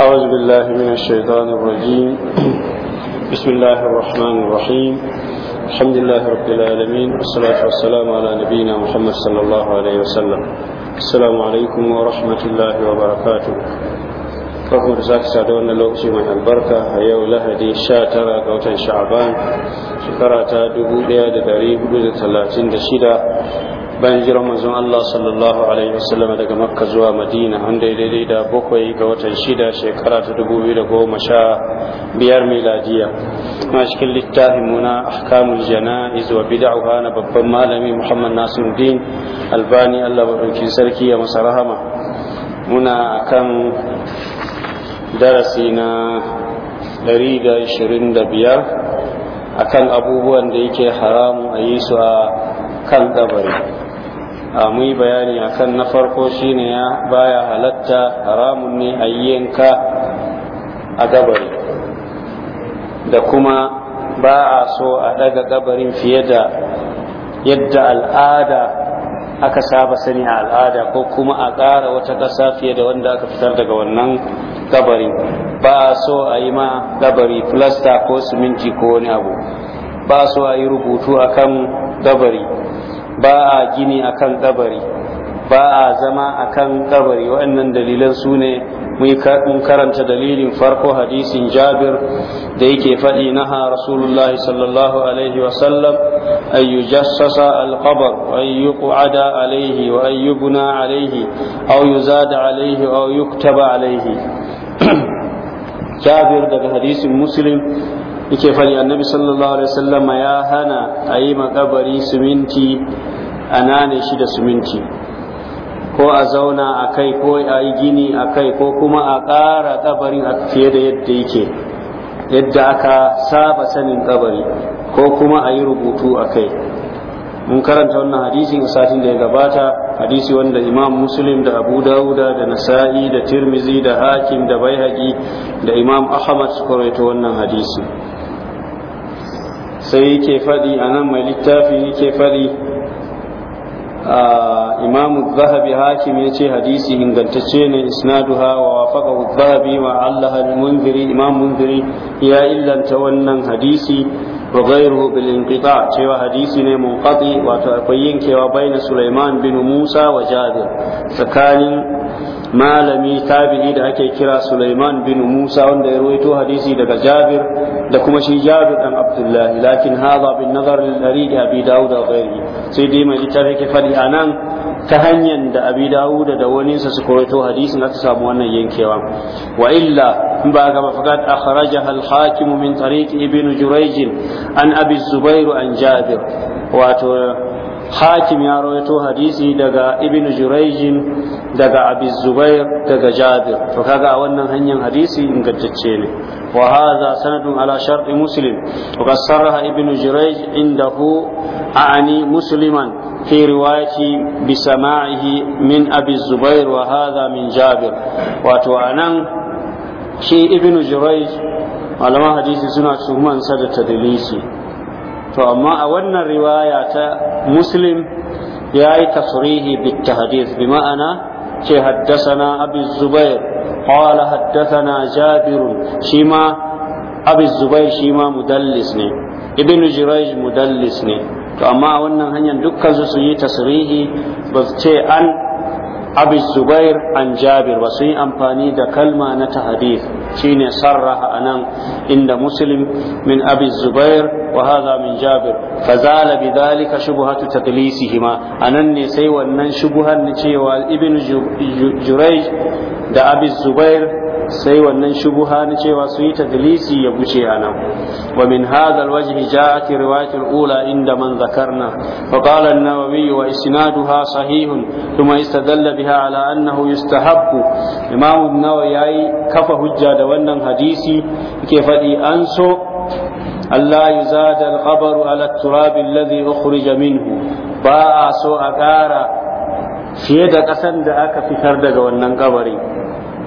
أعوذ بالله من الشيطان الرجيم بسم الله الرحمن الرحيم الحمد لله رب العالمين والصلاة والسلام على نبينا محمد صلى الله عليه وسلم السلام عليكم ورحمة الله وبركاته rahmar za ta sadu wannan lokaci mai albarka a yau lahadi 19 ga watan sha'aban shekara ta 1436 bayan jiran manzon Allah sallallahu alaihi wasallam daga makka zuwa madina wanda daidai da bakwai ga watan shida shekara ta dubu biyu da goma sha biyar miladiya na cikin littafin muna ahkamul jana'iz wa bid'aha na babban malami Muhammad Nasiruddin Albani Allah madaukin sarki ya masa rahama muna akan darasi na 125 akan abubuwan da yake haramu a yi su a kan kabari A yi bayani akan na farko shine ya baya halatta haramun ne a yanka a gabari da kuma ba a so a daga gabarin fiye da yadda al'ada aka saba sani a al'ada ko kuma a ƙara wata ƙasa fiye da wanda aka fitar daga wannan gabarin ba a so a yi ma gabari filasta ko siminti ko wani abu ba a so a yi rubutu akan gabari ba a gini akan kabari ba a zama a kan kabari waɗannan dalilan su ne mun karanta dalilin farko hadisin jabir da yake faɗi naha rasulullah sallallahu alaihi wasallam an yujassasa alqabar an yuqada alaihi wa an yubna alaihi aw yuzada alaihi aw yuktaba alaihi jabir daga hadisin muslim yake fari annabi sallallahu alaihi wasallam ya hana a yi makabari siminti a nane shi da suminti ko a zauna a kai ko a yi gini a kai ko kuma a ƙara kabarin a fiye da yadda yake yadda aka saba sanin kabari ko kuma a yi rubutu a kai mun karanta wannan hadisin a satin da ya gabata hadisi wanda imam muslim da abu dauda da nasa'i da tirmizi da hakim da baihaqi da imam ahmad su wannan hadisi sai yake faɗi a nan mai littafi yake faɗi imamu zahabi hakim ya ce hadisi ingantacce ne hawa wa wafaka zahabi wa allaha munziri imam munziri ya illanta wannan hadisi wa ghairuhu bil inqita cewa hadisi ne munqati wato akwai yankewa baina sulaiman bin musa wa jabir tsakanin malami tabi'i da ake kira Sulaiman bin Musa wanda ya rawaito hadisi daga Jabir da kuma shi Jabir dan Abdullah lakin hadha bin nazar al-Arid Abi Dawud da ghairi sai dai mai littafi ke fadi anan ta hanyar da Abi Dawud da wani sa suka rawaito hadisin aka samu wannan yankewa wa illa in ba ga fakat akhrajaha al-Hakim min tariq Ibn Jurayj an Abi Zubair an Jabir wato hakim ya rawaito hadisi daga ibn jurayjin daga abi zubair daga jabir to kaga a wannan hanyar hadisi in gaddace ne wa hadha sanadun ala shar'i muslim wa sarraha ibn jurayj indahu ani musliman fi riwayati bi sama'ihi min abi zubair wa hadha min jabir wato anan shi ibn jurayj malaman hadisi suna tuhumansa da tadlisi to amma a wannan riwaya ta مسلم ياي تصريح بالتحديث بمعنى شي حدثنا أبي الزبير قال حدثنا جابر شيما أبي الزبير شيما مدلسني ابن جريج مدلسني to amma a wannan hanyar dukkan su su yi tasirihi ba su ce an abi zubair an jabir ba sun yi amfani da kalma na tahadith shine sarraha a nan inda muslim min abi zubair wa hadha min jabir fa zala bidhalika shubhatu taqlisihima anan ne sai wannan na cewa ibn jurai da abi zubair sai wannan shubuha na cewa su yi tadlisi ya guce a nan wa min hadha alwajhi ja'at riwayat ula inda man dhakarna fa qala an-nawawi wa isnaduha sahihun kuma istadalla biha ala annahu yustahabbu imam an-nawawi yayi kafa hujja da wannan hadisi yake fadi an so Allah yuzada al-qabru ala at-turab alladhi ukhrija minhu ba a so a ƙara fiye da ƙasan da aka fitar daga wannan kabari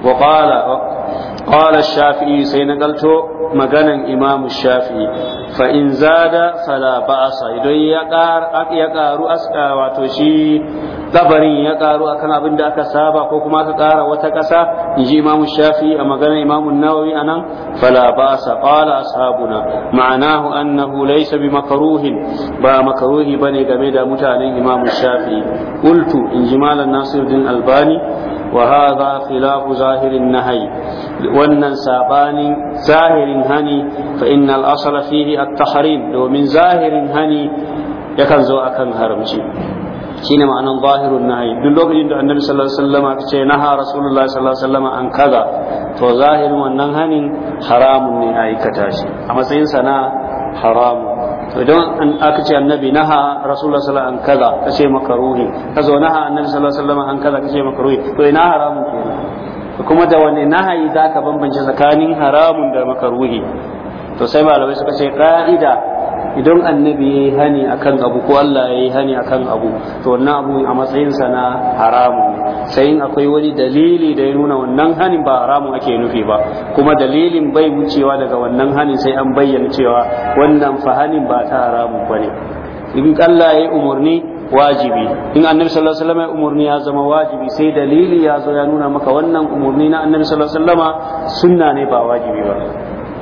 وقال قال الشافعي سينقلت مغنى إمام الشافعي فإن زاد فلا بأس إذا يقار يقار أسكا واتوشي قبري يقار أكن أبن داك سابا كوكما كقار وتكسا يجي إمام الشافعي مغنى إمام النووي أنا فلا بأس قال أصحابنا معناه أنه ليس بمكروه با مكروه بني قميدا متعلي إمام الشافعي قلت إن جمال الناصر الدين الباني وهذا خلاف ظاهر النهي وأن سابان ظاهر هني فإن الأصل فيه التحريم ومن ظاهر هني يكن زو أكن هرمشي shine ma'anan zahirun nahi duk lokacin da annabi sallallahu alaihi wasallam aka ce naha rasulullahi sallallahu alaihi an kaza to zahirin wannan hanin haramun ne aikata shi a matsayinsa na haramu. to idan an aka ce annabi naha rasulullah sallallahu alaihi wasallam kaza kace makaruhi kazo naha annabi sallallahu alaihi wasallam an kaza kace ruhi to ina haramun kenan to kuma da wani nahayi zaka bambance tsakanin haramun da makaruhi to sai malamai suka ce ka'ida idan annabi ya yi hani a kan abu ko Allah ya yi hani a kan abu to wannan abu a matsayinsa na haramu sai in akwai wani dalili da ya nuna wannan hani ba haramun ake nufi ba kuma dalilin bai wucewa daga wannan hani sai an bayyana cewa wannan fa hanin ba ta haramun ne. in Allah ya yi umarni wajibi in annabi sallallahu ya ya zama wajibi sai dalili ya zo ya nuna maka wannan umarni na annabi sallallahu alaihi sunna ne ba wajibi ba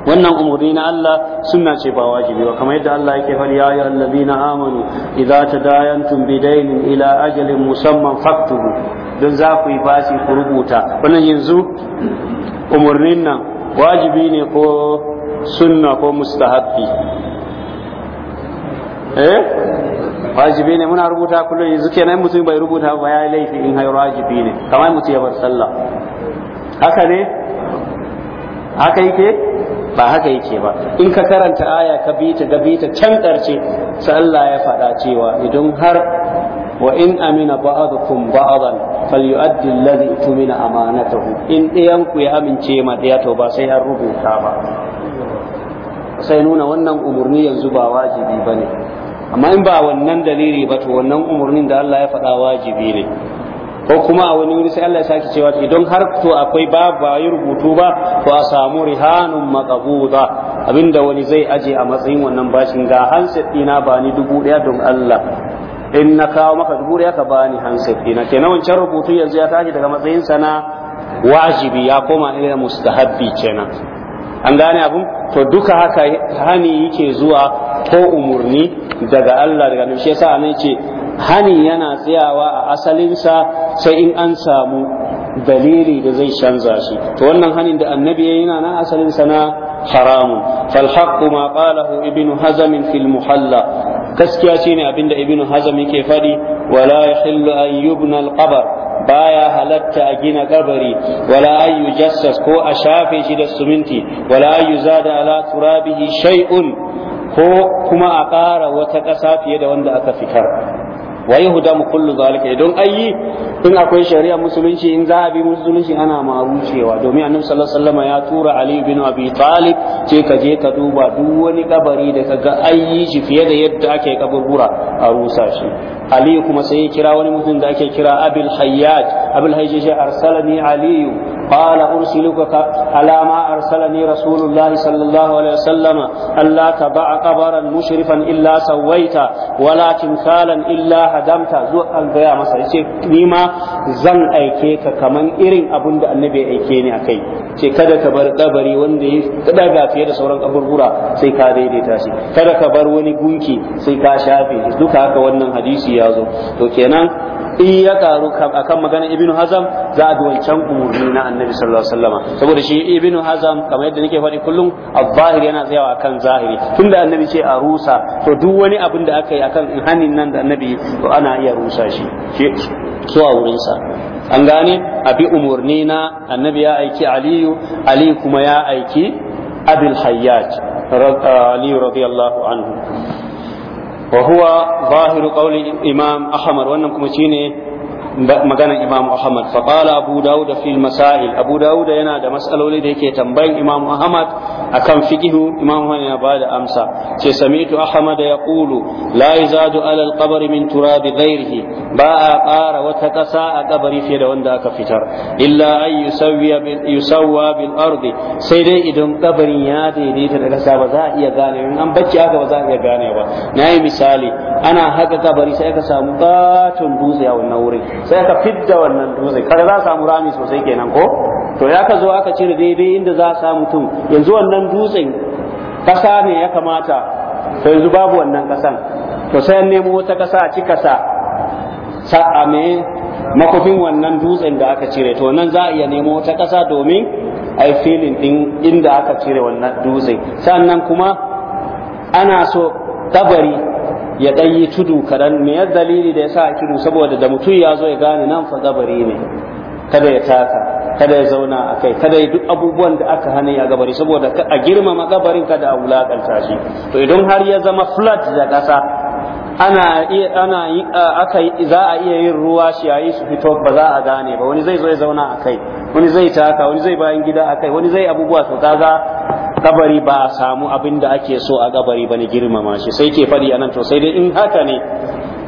wannan umurni na Allah sunna ce ba wajibi ba kamar yadda Allah yake faɗi ya ayyuhal ladina amanu idza tadayantum bidaynin ila ajalin musamman faktubu don za ku yi basi ku rubuta wannan yanzu umurnin nan wajibi ne ko sunna ko mustahabbi eh wajibi ne muna rubuta kullum yanzu kenan mutum bai rubuta ba ya laifi in har wajibi ne kamar mutum ya bar sallah haka ne haka yake ba haka yake ba in ka karanta aya ka bi ta gabi ta can ƙarshe sai Allah ya faɗa cewa idan har wa in amina ba'adukum ba'adan falyu'addi alladhi tumina amanatahu in ɗayan ku ya amince ma ɗaya to ba sai an rubuta ba sai nuna wannan umurni yanzu ba wajibi bane amma in ba wannan dalili ba to wannan umurnin da Allah ya faɗa wajibi ne ko kuma a wani wuri sai Allah ya saki cewa idan har to akwai ba ba yi rubutu ba to a samu rihanun maqbuda abinda wani zai aje a matsayin wannan bashin ga handset dina ba ni dubu daya don Allah in na kawo maka dubu daya ka bani handset dina kenan wancan rubutu yanzu ya tashi daga matsayin sana wajibi ya koma ila mustahabbi kenan an gane abun to duka haka hani yake zuwa ko umurni daga Allah daga nan shi yasa anan ce hani yana tsayawa a asalinsa sai in an samu dalili da zai canza shi to wannan hanin da annabi ya yana na asalinsa na haramu فالحق ما قاله ابن هزم في المحلى gaskiya shine abinda ibnu hazam yake fadi wala yahillu an yubna alqabar baya halatta a gina kabari wala an yujassas ko a shafe shi da suminti wala an yuzada ala turabihi shay'un ko kuma a ƙara wata ƙasa fiye da wanda aka fitar wa mu kullu zalika idan ayi in akwai shari'a musulunci in za a bi musulunci ana marucewa domin annabi sallallahu alaihi wasallam ya tura ali bin abi talib ce ka je ka duba duk wani kabari da ka ayi shi fiye da yadda ake kaburbura a rusa shi ali kuma sai ya kira wani mutum da ake kira abil hayyaj abil hayyaj ya arsalani aliyu قال أرسلك على ما أرسلني رسول الله صلى الله عليه وسلم ألا تبع قبرا مشرفا إلا سويت ولا تمثالا إلا هدمت زوء القيامة نيما زن أيكيك كمن إرين أبند النبي أيكيني أكي ce kada ka bar kabari wanda ya daga fiye da sauran kaburbura sai ka daidaita shi kada ka bar wani gunki sai ka shafe duka haka wannan hadisi ya zo to kenan in ya karu akan magana ibnu hazam za a bi wancan umarni na annabi sallallahu alaihi wasallam saboda shi ibnu hazam kamar yadda nake faɗi kullum a zahiri yana tsayawa akan zahiri tunda annabi ce a rusa to duk wani abin da aka yi akan hannun nan da annabi to ana iya rusa shi so a wurinsa an gane a bi umarni na annabi ya aiki aliyu ali kuma ya aiki abil hayyaj aliyu radiyallahu anhu wa huwa zahiru qawli imam ahmad wannan kuma shine magana Imam Ahmad fa qala Abu Dawud fi masail Abu Dawud yana da masaloli da yake tambayin Imam Ahmad akan fiqhu Imam Ahmad ya bada amsa ce samitu Ahmad yaqulu la yazadu ala al-qabr min turab ghairihi ba a ƙara wata kasa a kabari fiye da wanda aka fitar illa ay yusawwa bil yusawwa bil sai dai idan kabarin ya daidaita da ƙasa ba za a iya gane in an bacci aka ba za a iya gane ba nayi misali ana haka kabari sai ka samu katon dutse a wannan wurin sai ka fidda wannan dutse kaga za a samu rami sosai kenan ko to ya ka zo aka cire daidai inda za a sa mutum yanzu wannan dutsen kasa ne ya kamata to yanzu babu wannan kasan to sai an nemo wata kasa a cika sa sa'a me makofin wannan dutsen da aka cire to nan za a iya nemo wata kasa domin a yi filin din inda aka cire wannan dutse sannan kuma ana so kabari ya ɗan yi tudu kaɗan me ya dalili da ya sa a tudu saboda da mutum ya zo ya gane nan fa gabari ne kada ya taka kada ya zauna a kai kada ya duk abubuwan da aka hana ya gabari saboda a girmama gabarin kada a wulakanta shi to idan har ya zama flat da ƙasa ana ana aka za a iya yin ruwa shi yi su fito ba za a gane ba wani zai zo ya zauna a kai wani zai taka wani zai bayan gida a kai wani zai abubuwa to kaga kabari ba a samu abin da ake so a kabari ba ne girmama shi sai ke fadi anan to sai dai in haka ne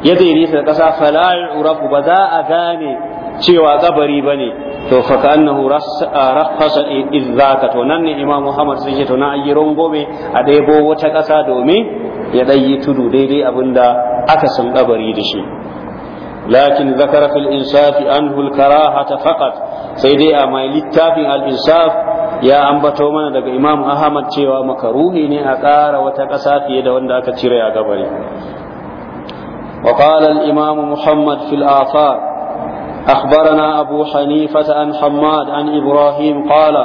ya zai da ƙasa fala urafu ba za a gane cewa kabari ba ne to fa annahu rakhasa ka to nan ne imam muhammad sai ce to na ayi rangome a ɗebo wata ƙasa domin ya ɗan tudu daidai abin da aka san kabari da shi lakin zakara fil insafi anhu al karahata faqat sai dai a mai littafin al insaf ya ambato mana daga imam ahmad cewa makaruhi ne a ƙara wata ƙasa fiye da wanda aka cire a gabari وقال الإمام محمد في الآثار أخبرنا أبو حنيفة عن حماد عن إبراهيم قال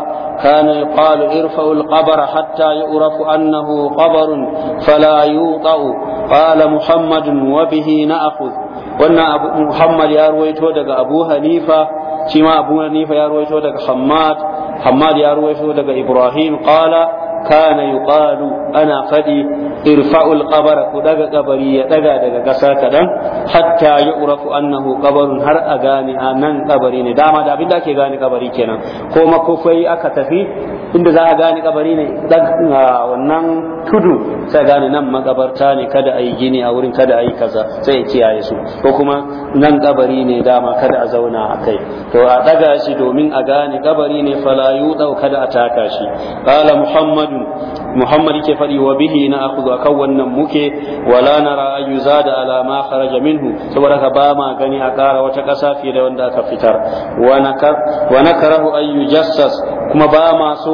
كان يقال ارفعوا القبر حتى يعرف أنه قبر فلا يوطأ قال محمد وبه نأخذ wannan abu muhammad ya ruwaito daga abu hanifa shi ma abu hanifa ya ruwaito daga hammad hammad ya ruwaito daga ibrahim qala kana yuqalu ana fadi irfa'ul kabara ku daga kabari ya daga daga gasa kadan hatta yu'rafu annahu qabarun har a gane a nan kabari ne dama da abinda ake gane kabari kenan ko makofai aka tafi inda za a gane kabari ne wannan tudu sai gane nan makabarta ne kada a yi gini a wurin kada a yi kaza sai ya kiyaye su ko kuma nan kabari ne dama kada a zauna a kai to a daga shi domin a gane kabari ne falayu dau kada a taka shi qala Muhammadu muhammad ke fadi wa bihi na akhudhu akan wannan muke wala nara za ala ma kharaja minhu saboda ka ba ma gani a kara wata kasa fiye da wanda aka fitar wa nakarahu ayu jassas kuma ba ma so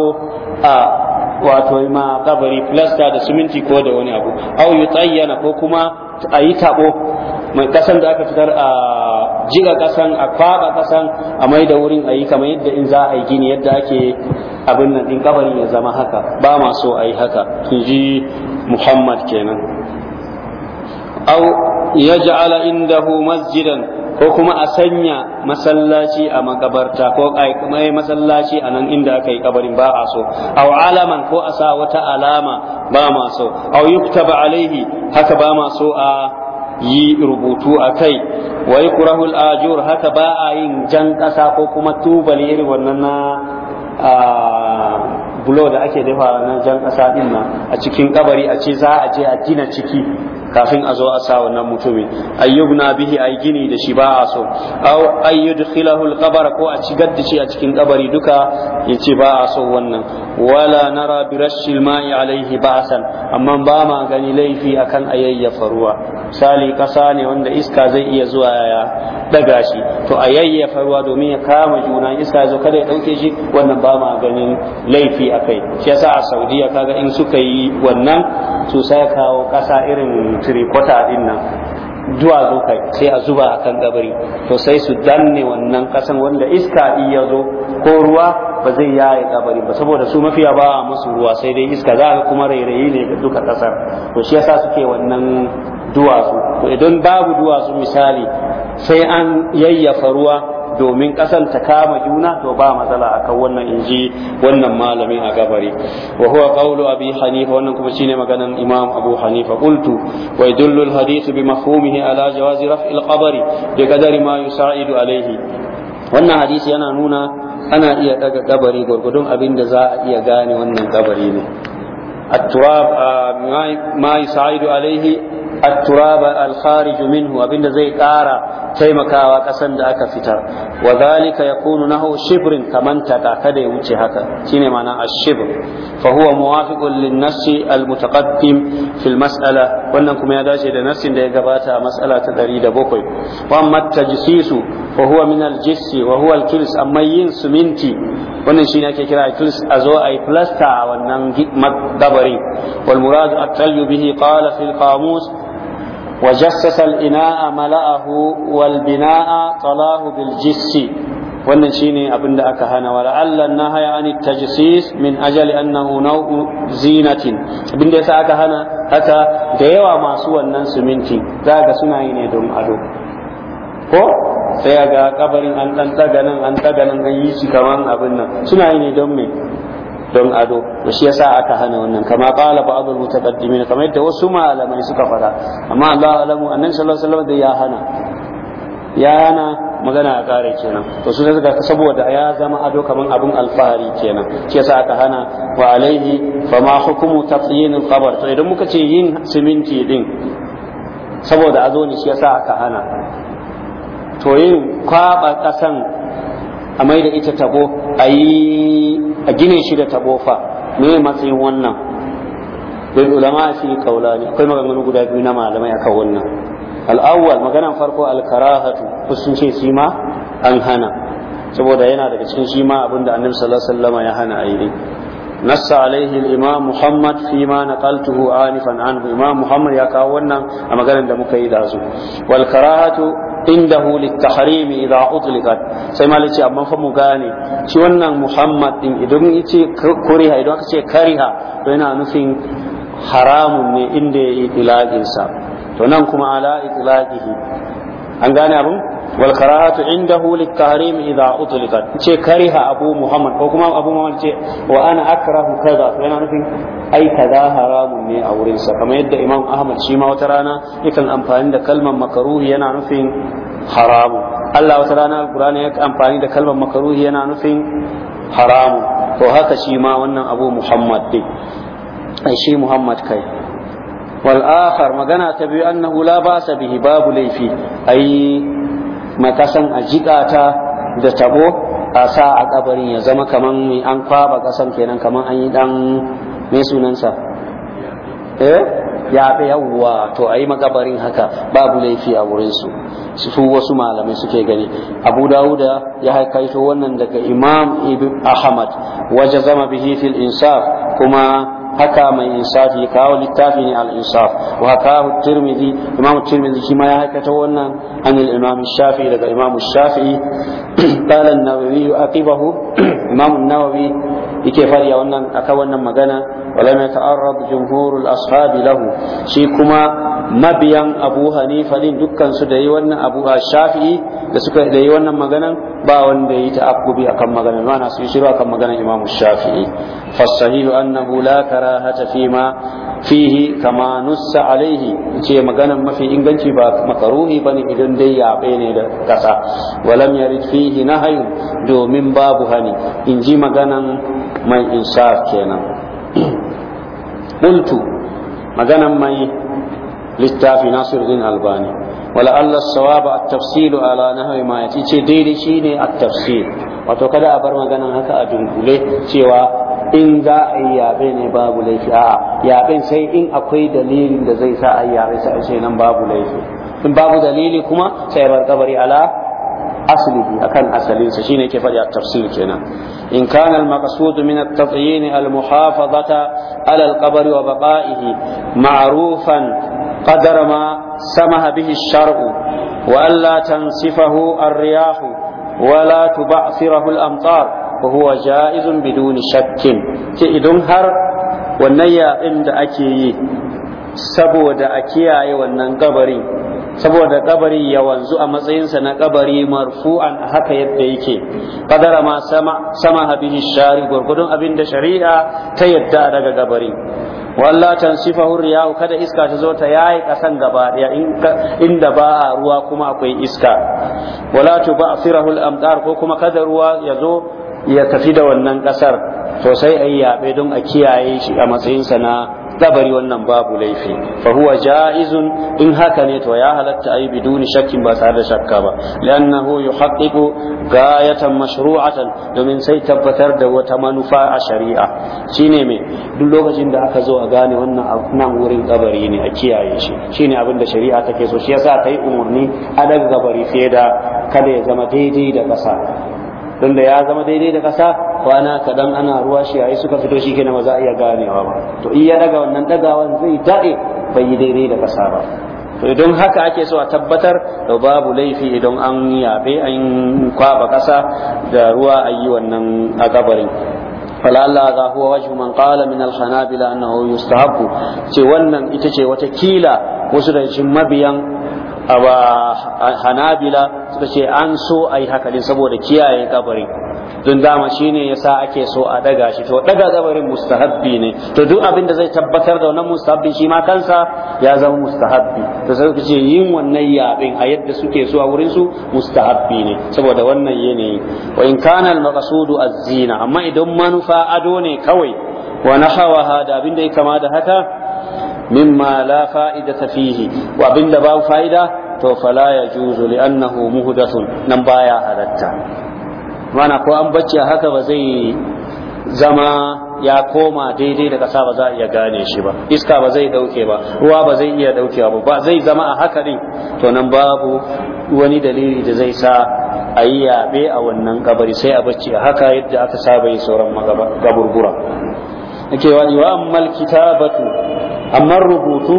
a wato ma kabari plaster da siminti ko da wani abu au yi tsayyana ko kuma a yi tabo mai kasan da aka fitar a jiga kasan a kwaba kasan a mai da wurin a yi kamar yadda in za a yi gini yadda ake abin nan din kabari ya zama haka ba ma so a yi haka in ji muhammad kenan au ya ja'ala indahu masjidan ko kuma a sanya masallaci a makabarta ko a yi masallaci a nan inda aka yi kabarin ba a so aw alaman ko a sa wata alama ba ma so aw yuktaba alaihi haka ba ma so a yi rubutu a kai wa ajur haka ba a yin jan ƙasa ko kuma tubali irin wannan na bulo da ake dafa na jan ƙasa din nan a cikin kabari a ce za a je a gina ciki kafin a zo a sa wannan mutumin Ayyub na bihi ay gini da shi ba a so aw ayyudkhilahu alqabar ko a ci da shi a cikin kabari duka yace ba a so wannan wala nara birashil ma'i alaihi ba'san amma ba ma gani laifi akan ayayyafa ruwa misali kasa ne wanda iska zai iya zuwa ya daga shi to a yayyafa ruwa domin ya kama juna iska zo kada ya ɗauke shi wannan ba ma ganin laifi a kai shi yasa a saudiya kaga in suka yi wannan su sai kawo kasa irin tirikota din nan zo kai sai a zuba a kan kabari to sai su danne wannan kasan wanda iska iya zo ko ruwa ba zai yaye kabari ba saboda su mafiya ba musu ruwa sai dai iska za a kuma rairayi ne duka kasar to shi yasa suke wannan duwatsu to idan babu duwatsu misali sai an yayyafa ruwa domin ƙasan ta kama juna to ba matsala akan wannan inji wannan malamin a gabari wa huwa qawlu abi hanifa wannan kuma shine maganan imam abu hanifa qultu wa yadullu alhadith bi mafhumihi ala jawazi raf'il qabri bi qadari ma yusa'idu alayhi wannan hadisi yana nuna ana iya daga gabari gurgudun abin da za a iya gane wannan gabari ne التراب ما يساعد عليه التراب الخارج منه أبن زي قارا تيمكا وكسن دعك فتر وذلك يكون نهو شبر كمن تكا كده وجهك تيني معنى الشبر فهو موافق للنفس المتقدم في المسألة وأنكم يا داشي لنفس دي قباتا مسألة تدريد بوكي وأما التجسيس فهو من الجس وهو الكلس أما ينس منتي wannan shine ake kira eclipse a zo a yi plasta a wannan gabarin wal murad at-talyu bihi qala fil qamus وجسس الإناء ملأه والبناء طلاه بالجس wannan shine abin da aka hana wala Allah na haya an tajsis min ajali annahu naw'u zinatin abin da yasa aka hana haka da yawa masu wannan suminti ga suna yi ne don ado ko sai ga kabarin an dan nan an taga nan an yi shi kaman abin nan suna yi ne don me don ado to shi yasa aka hana wannan kama qala ba'dul mutaqaddimin kamar yadda wasu malamai suka fara amma Allah alamu annabi sallallahu alaihi wasallam da ya hana ya hana magana a kare kenan to su daga saboda ya zama ado kaman abun alfahari kenan shi yasa aka hana wa alaihi ma hukumu tatyin alqabar to idan muka ce yin siminti din saboda azo ne shi yasa aka hana to yin kwaba kasan a mai da ita tabo a yi a gine shi da tabofa me matsayin wannan bai ulama shi ne akwai maganganu guda biyu na malamai akan wannan al'awwal maganan farko al-karahatu sun ce shi ma an hana saboda yana daga cikin shi ma abinda annabi sallallahu alaihi wasallam ya hana aini nasa alaihi liman muhammad fi ma nakaltu hu'ani fana a nufin liman ya kawo wannan a maganin da muka yi laazu wal karahatu inda hulitta kharimi idan a utu sai male aci amma ko mu gane ci wannan muhammad idan muici kuri ha idan wakaci kari to ina nufin haramun ne inda ya yi tilagisa to nan kuma ala ya an gane abun. wal karahatu indahu lit tahrim idha utliqat ce kariha abu muhammad ko kuma abu muhammad ce wa ana akrahu kaza to yana nufin ai kaza haramun ne a wurin sa kamar yadda imam ahmad shi ma wata rana yakan amfani da kalmar makaruhi yana nufin haramu Allah wata rana alqur'ani ya amfani da kalmar makaruhi yana nufin haramu to haka shi ma wannan abu muhammad din ai muhammad kai والآخر تبي أنه لا بأس به باب ليفي أي kuma kasan a jika ta da tabo a sa a kabarin ya zama kaman an kwaba kasan kenan kaman an yi dan mai sunansa eh ya fi yawwa to a makabarin haka babu laifi a wurin su su wasu malamai suke gani abu dauda ya haikaito wannan daga imam ibn ahmad waje zama bihi fil insaf kuma haka mai insafi kawo littafi ne al-insaf wa kawo tirmidhi imam tirmidhi shi ya haikata wannan an al-imam shafi'i daga imam shafi'i qala an-nawawi imam fari a wannan wannan magana ولم يتعرض جمهور الأصحاب له شيكما mabiyan abu hanifa din dukkan su da yi wannan shafi'i da suka da yi wannan maganan ba wanda yi ta'aqqubi akan maganan mana su akan maganan imam shafi'i fa sahihu annahu la karahata fi ma fihi kama nussa alaihi ce maganar mafi inganci ba makaruhi bane idan dai yabe ne da kasa walam yarid fihi nahyu domin babu hani in ji maganan mai insaf kenan qultu maganan mai littafi din albani wala allah sawaba a tafsil ala nahwi ma yace ce daidai shine at-tafsil wato kada a bar maganan haka a dunkule cewa in za a yi yabe ne babu laifi a yaben sai in akwai dalilin da zai sa a yi yabe sai a ce nan babu laifi in babu dalili kuma sai bar kabari ala aslihi akan asalinsa shine yake faɗi a tafsir kenan in kana al maqsud min at tatyin al muhafazata ala al qabr wa baqaihi ma'rufan qadar ma samaha bihi al shar'u wa alla tansifahu ar riyah wa la tub'thirahu al amtar wa huwa jaizun bidun shakkin ke idan har wannan yaɗin da ake yi saboda a kiyaye wannan gabarin saboda kabari ya wanzu a matsayinsa na kabari marfu'an haka yadda yake kadara ma sama sama habihi shari gurgudun abin da shari'a ta yadda daga kabari walla sifahu riyahu kada iska ta zo ta yayi kasan gaba ya inda ba a ruwa kuma akwai iska wala ba'sirahu al-amtar ko kuma kada ruwa ya zo ya tafi da wannan kasar to sai ayi yaɓe don a kiyaye shi a matsayinsa na tsabari wannan babu laifi fa huwa jaizun in haka ne to ya halatta ayi biduni shakkin ba tare da shakka ba li'annahu yuhaqqiqu gayatan mashru'atan domin sai tabbatar da wata manufa a shari'a shine me duk lokacin da aka zo a gane wannan nan wurin kabari ne a kiyaye shi shine abin da shari'a take so shi yasa ta yi umarni a daga kabari fiye da kada ya zama daidai da ƙasa don da ya zama daidai da kasa kwana kaɗan ana ruwa shi a suka fito shi kenan na maza a iya ganewa ba to in ya daga wannan dagawan zai daɗe bai yi daidai da kasa ba to idan haka ake so a tabbatar da babu laifi idan an yabe an kwaɓa kasa da ruwa a yi wannan a kabarin فلعل هذا هو وجه من قال من الحنابلة أنه يستحب ce wannan ita ce wata kila wasu da mabiyan hanabila suka ce an so a yi hakalin saboda kiyaye kabari don dama shine yasa ake so a daga shi to daga kabarin mustahabbi ne to duk abin da zai tabbatar da wannan mustahabbi shi ma kansa ya zama mustahabbi to sai suka ce yin wannan yabin a yadda suke so a wurin su mustahabbi ne saboda wannan yanayi wa in kana al-maqsudu az-zina amma idan manufa ado ne kawai wa nahawa hada abin da ya kama da haka min la fa'idata fihi wa abinda babu fa'ida to fala ya yajuzu li'annahu dasu nan baya halatta mana ko an bacci haka ba zai zama ya koma daidai da ƙasa ba za iya gane shi ba iska ba zai dauke ba ruwa ba zai iya ɗaukewa ba zai zama a hakarin to nan babu wani dalili da zai sa ayi yaɓe a wannan kabari sai a bacci a haka yadda aka saba yi sauran magaburgura ake wa iwa ammal kitabatu amma rubutu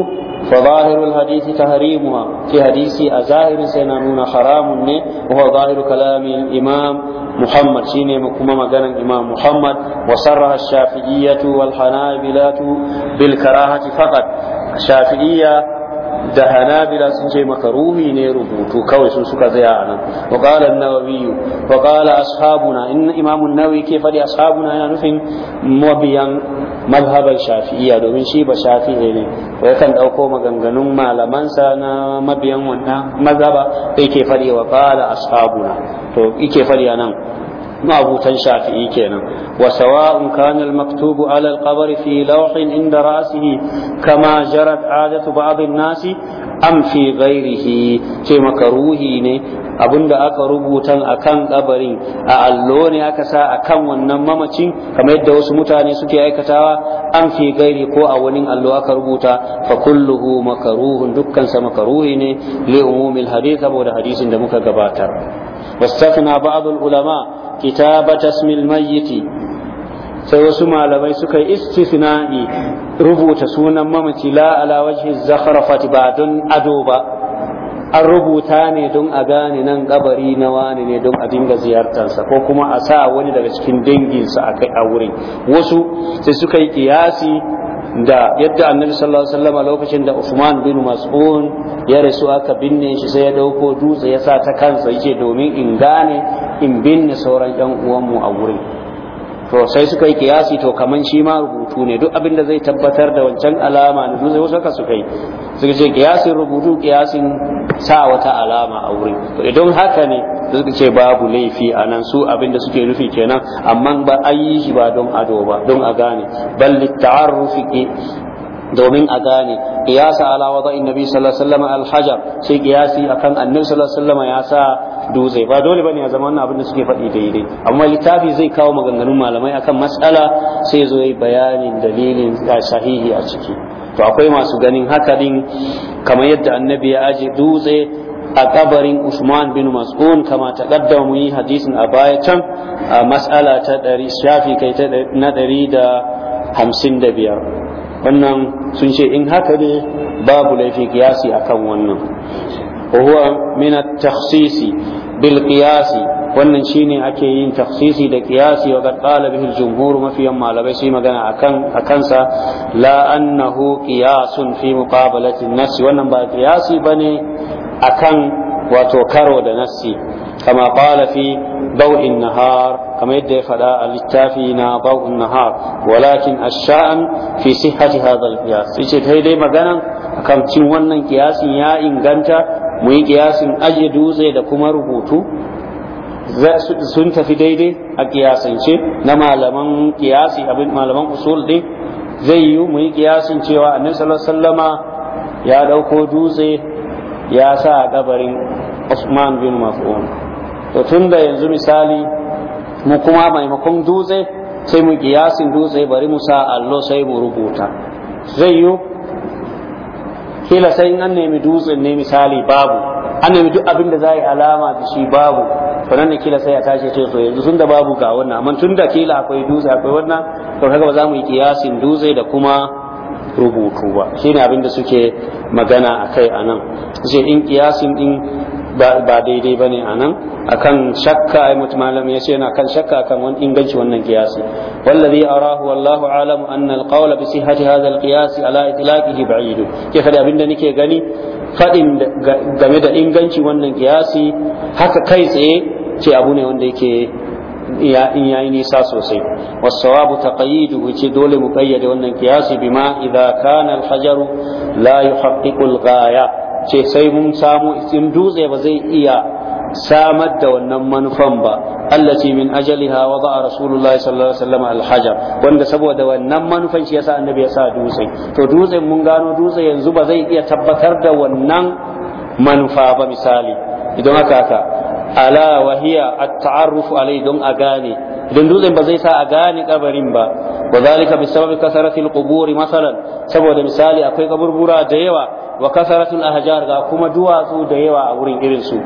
fa zahirul hadisi tahrimuha fi hadisi a zahirin sai na nuna haramun ne wa huwa kalamin imam muhammad shine kuma maganan imam muhammad wa sarraha ash-shafi'iyyatu wal hanabilatu bil karahati faqat shafi'iyya da hanabila sun ce ruhi ne rubutu kawai sun suka zaya a nan wa qala an-nawawi wa qala ashabuna in imamu an-nawawi ke fadi ashabuna yana nufin mabiyan mazhaban shafi'iyya domin shi ba shafi'i ne to yakan dauko maganganun malamansa na mabiyan wannan mazhaba sai ke fadi wa qala ashabuna to yake fadi a nan ma'abutan shafi'i kenan wa sawa'un maktubu alal kabari qabr fi inda ra'sihi kama jarat adatu ba'd an-nasi am fi ghairihi ce makaruhi ne abinda aka rubutan akan kabarin a allo ne aka sa akan wannan mamacin kamar yadda wasu mutane suke aikatawa an fi gairi ko a wani allo aka rubuta fa kulluhu dukkansa dukkan sa makaruhi ne li umumil hadith saboda hadisin da muka gabatar واستثنى بعض ulama كتابة اسم الميت sai wasu malamai suka yi istithna'i rubuta sunan mamaci la ala wajhi zakharafati ba don ado ba an rubuta ne don a gane nan kabari na wani ne don a dinga ziyartarsa ko kuma a sa wani daga cikin danginsa a kai a wurin wasu sai suka yi kiyasi da yadda annabi sallallahu alaihi wasallam lokacin da Uthman bin Mas'un ya rasu aka binne shi sai ya dauko dutse ya sa ta kansa yake domin in gane in binne sauran yan uwanmu a wurin to sai suka yi kiyasi to kaman shi ma rubutu ne duk abin da zai tabbatar da wancan alama ne zai wasu suka yi suka ce kiyasin rubutu kiyasin sa wata alama a wuri to idan haka ne suka ce babu laifi a nan su abin da suke nufi kenan amma ba an yi shi ba don ado ba don a gane bal litta'arrufi domin a gane kiyasa ala wada nabi sallallahu alaihi wasallam alhajar sai kiyasi akan annabi sallallahu alaihi wasallam ya sa dutse ba dole bane ya zama wannan abin da suke faɗi daidai amma littafi zai kawo maganganun malamai akan matsala sai zo yi bayanin dalilin sahihi a ciki to akwai masu ganin haka din kamar yadda annabi ya aje dutse a kabarin Usman bin Mas'un kama kaddama mu yi hadisin a baya can a mas'ala ta 100 shafi kai ta na biyar wannan sun ce in haka ne babu laifi kiyasi akan wannan wa huwa min at-takhsisi bil qiyasi wannan shine ake yin tafsisi da kiyasi wa qad qala bihi al-jumhur mafiyan malamai sai magana akan akansa la annahu qiyasun fi muqabalati an-nass wannan ba qiyasi bane akan wato karo da nassi kama qala fi daw'in nahar kama yadda ya fada a littafi na daw'in nahar walakin ash-sha'an fi sihhati hadha al-qiyas sai dai magana akan cin wannan kiyasin ya inganta mu yi kiyasin ajiye dutse da kuma rubutu sun tafi daidai a kiyasance na malaman kiyasi abin malaman usul din zai yi mu yi kiyasin cewa annabi sallallahu sallama ya dauko dutse ya sa a gabarin Usman bin mafi'un to tun da yanzu misali mu kuma maimakon dutse sai mu kiyasin dutse bari mu sa allo sai mu rubuta zai yi kila sai in an nemi dutsen ne misali babu an nemi duk abin da za yi alama da shi babu to nan ne kila sai ya tashi ce to yanzu tun babu ga wannan amma tun da kila akwai dutse akwai wannan to kaga ba za mu yi kiyasin dutse da kuma rubutu ba shine abin da suke magana akai anan sai in kiyasin din ba daidai ba ne a nan akan shakka ai mutum malam ya ce yana kan shakka akan wani inganci wannan kiyasi wallazi arahu wallahu alamu anna alqawla bi sihhati hadha kiyasi ala itlaqihi ba'id ke fadi abinda nake gani fadin game da inganci wannan kiyasi haka kai tsaye ce abu ne wanda yake in yayi nisa sosai wasawabu taqayiduhu ce dole mu kayyade wannan kiyasi bima idza kana alhajaru la yuhaqqiqu ce sai mun samu in dutse ba zai iya samar da wannan manufan ba allati min ajaliha wada rasulullahi sallallahu alaihi wasallam alhajar wanda saboda wannan manufan shi yasa annabi ya sa dutse to dutse mun gano dutse yanzu ba zai iya tabbatar da wannan manufa ba misali idan haka haka ala wahiya at-ta'arruf alai don a gane don dutsen ba zai sa a gane kabarin ba wa zalika bi sababi kasaratil qubur masalan saboda misali akwai kaburbura da yawa wa kasaratul ahjar ga kuma duwatsu da yawa a wurin irin su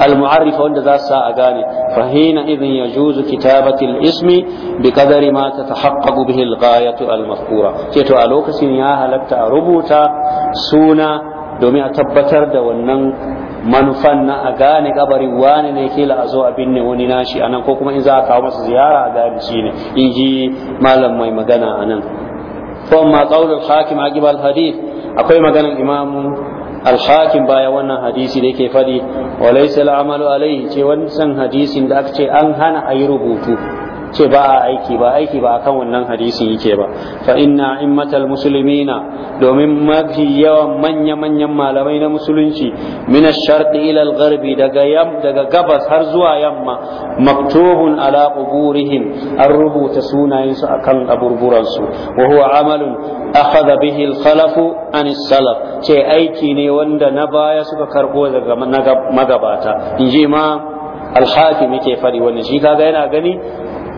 al mu'arrifa wanda za sa a gane fa hina idhin yajuzu kitabatil ismi bi qadari ma tatahaqqaqu bihi al ghayatu al mafkura ce to a lokacin ya halatta a rubuta suna domin a tabbatar da wannan manufan na a gane kabarin wani ne ke a zo a binne wani nashi a nan ko kuma in za a kawo masa ziyara a gane shi ne in ji malam mai magana a nan ko amma qaulul hakim aqib hadith akwai maganar imamu al hakim baya wannan hadisi da yake fadi wa laysa al amalu alayhi ce wannan hadisin da aka an hana ayi rubutu ce ba a aiki ba aiki ba akan wannan hadisin yake ba fa inna immatal muslimina domin mafi yawan manya manyan malamai na musulunci min ash-sharqi ila al-gharbi daga yam daga gabas har zuwa yamma maktubun ala quburihim an rubuta sunayen su akan kaburburan su wa huwa amalun akhadha bihi al-khalaf an salaf ce aiki ne wanda na baya suka karbo daga magabata inji ma al-hakim yake fadi wannan shi kaga yana gani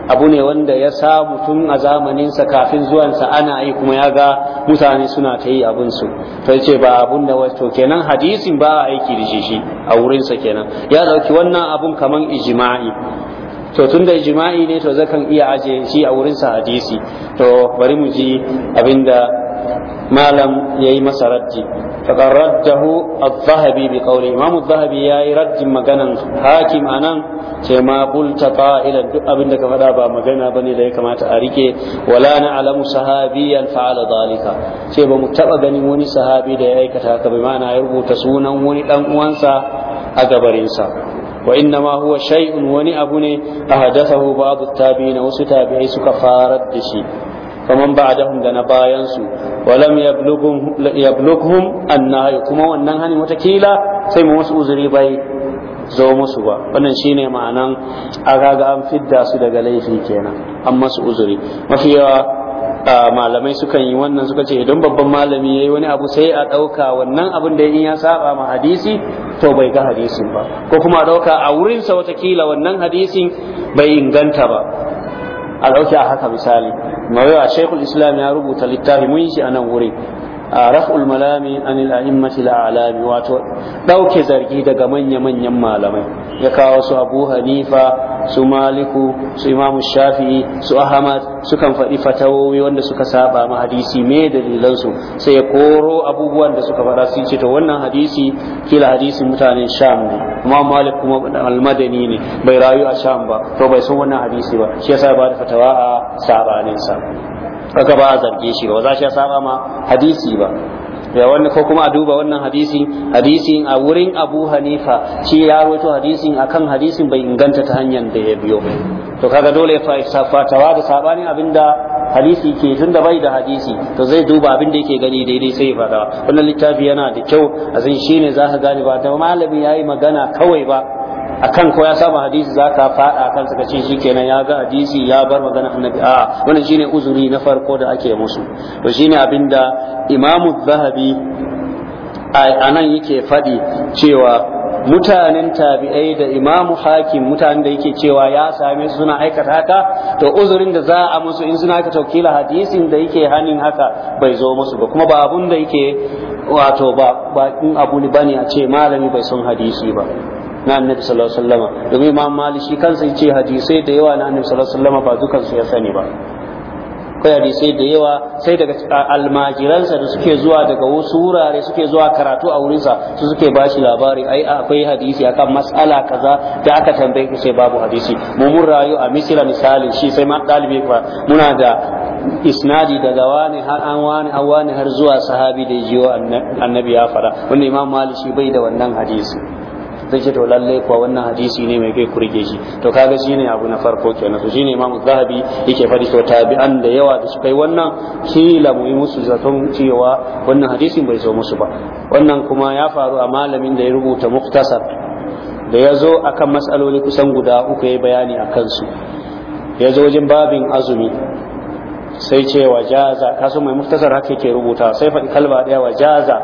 abu ne wanda ya sa mutum a zamaninsa kafin zuwansa ana yi kuma ya ga mutane suna ta yi abinsu to ce ba abun da wato kenan hadisin ba a aiki da shi a wurinsa kenan ya dauki wannan abun kaman ijima'i to tun da ijima'i ne to zakan iya aje shi a wurinsa hadisi to bari mu ji abinda malam yayi masa raddi faqad raddahu adh-dhahabi bi qawli imam zahabi ya yi raddin maganan hakim anan ce ma qulta qa'ilan duk abin da ka faɗa ba magana bane da ya kamata a rike wala na'lamu sahabiyan fa'ala dhalika ce ba mu taɓa ganin wani sahabi da ya aikata haka bai ma'ana ya rubuta sunan wani dan uwansa a gabarinsa a هو شيء وني أبني wasu بعض suka farar da shi. kaman ba'dahum da na bayan su walam yablughum annahi kuma wannan hanin kila sai mu wasu uzuri bai zo musu ba wannan shine ma'anan ga an fidda su daga laifi kenan an masu uzuri mafi yawa malamai sukan yi wannan suka ce idan babban malami ya yi wani abu sai a ɗauka wannan abin da in ya saba ma hadisi to bai ga hadisin ba ko kuma a ɗauka a wurinsa watakila wannan hadisin bai inganta ba a ɗauki a haka misali mawaya shekul islam ya rubuta littafi mun shi a nan wuri a raf'ul malami an al'immati al'alami wato ɗauke zargi daga manya-manyan malamai ya kawo su abu hanifa su maliku su imamu shafi'i su ahmad sukan faɗi fatawowi wanda suka saba ma hadisi me dalilansu sai ya koro abubuwan da suka faɗa su ce to wannan hadisi kila hadisin mutanen sham ne amma malik kuma almadani ne bai rayu a sham ba to bai san wannan hadisi ba shi yasa ba da fatawa a sabaninsa kaga ba a zarge shi ba za shi ya saba ma hadisi ba ya wani ko kuma a duba wannan hadisi hadisin a wurin Abu Hanifa shi ya rawaito hadisin akan hadisin bai inganta ta hanyar da ya biyo to kaga dole fatawa da sabanin abinda hadisi ke tun da bai da hadisi to zai duba abinda da yake gani daidai sai fada wannan littafi yana da kyau a shi shine za ka gane ba da malami yi magana kawai ba akan ko ya saba hadisi zaka fada akan saka shi kenan ya ga hadisi ya bar magana annabi a wannan shine uzuri na farko da ake musu to shine abinda imamu zahabi a nan yake faɗi cewa mutanen tabi'ai da imamu hakim mutanen da yake cewa ya same su suna aikata haka to uzurin da za a musu in suna aikata kila hadisin da yake hanin haka bai zo musu ba kuma ba abun da yake wato ba ba abu ne bane a ce malami bai son hadisi ba na annabi sallallahu alaihi wasallam domin imam malik shi kansa yace hadisai da yawa na annabi sallallahu alaihi wasallam ba dukan su ya sani ba akwai hadisai da yawa sai daga almajiransa da suke zuwa daga wasu wurare suke zuwa karatu a wurinsa su suke ba shi labari ai akwai hadisi akan mas'ala kaza da aka tambaye ku sai babu hadisi mu mun rayu a misira misalin shi sai ma dalibi ba muna da isnadi daga wani har an wani an wani har zuwa sahabi da jiyo annabi ya fara wanda imam malik bai da wannan hadisi zai ce to lalle kuwa wannan hadisi ne mai kai kurge shi to kaga ne abu na farko kenan to shine Imam Zahabi yake fadi to tabi'an da yawa da suka yi wannan kila mu yi musu zaton cewa wannan hadisin bai zo musu ba wannan kuma ya faru a malamin da ya rubuta muktasar da ya zo akan matsaloli kusan guda uku ya bayani a kansu ya zo wajen babin azumi sai ce wa jaza kasu mai muktasar haka yake rubuta sai faɗi kalba ɗaya wa jaza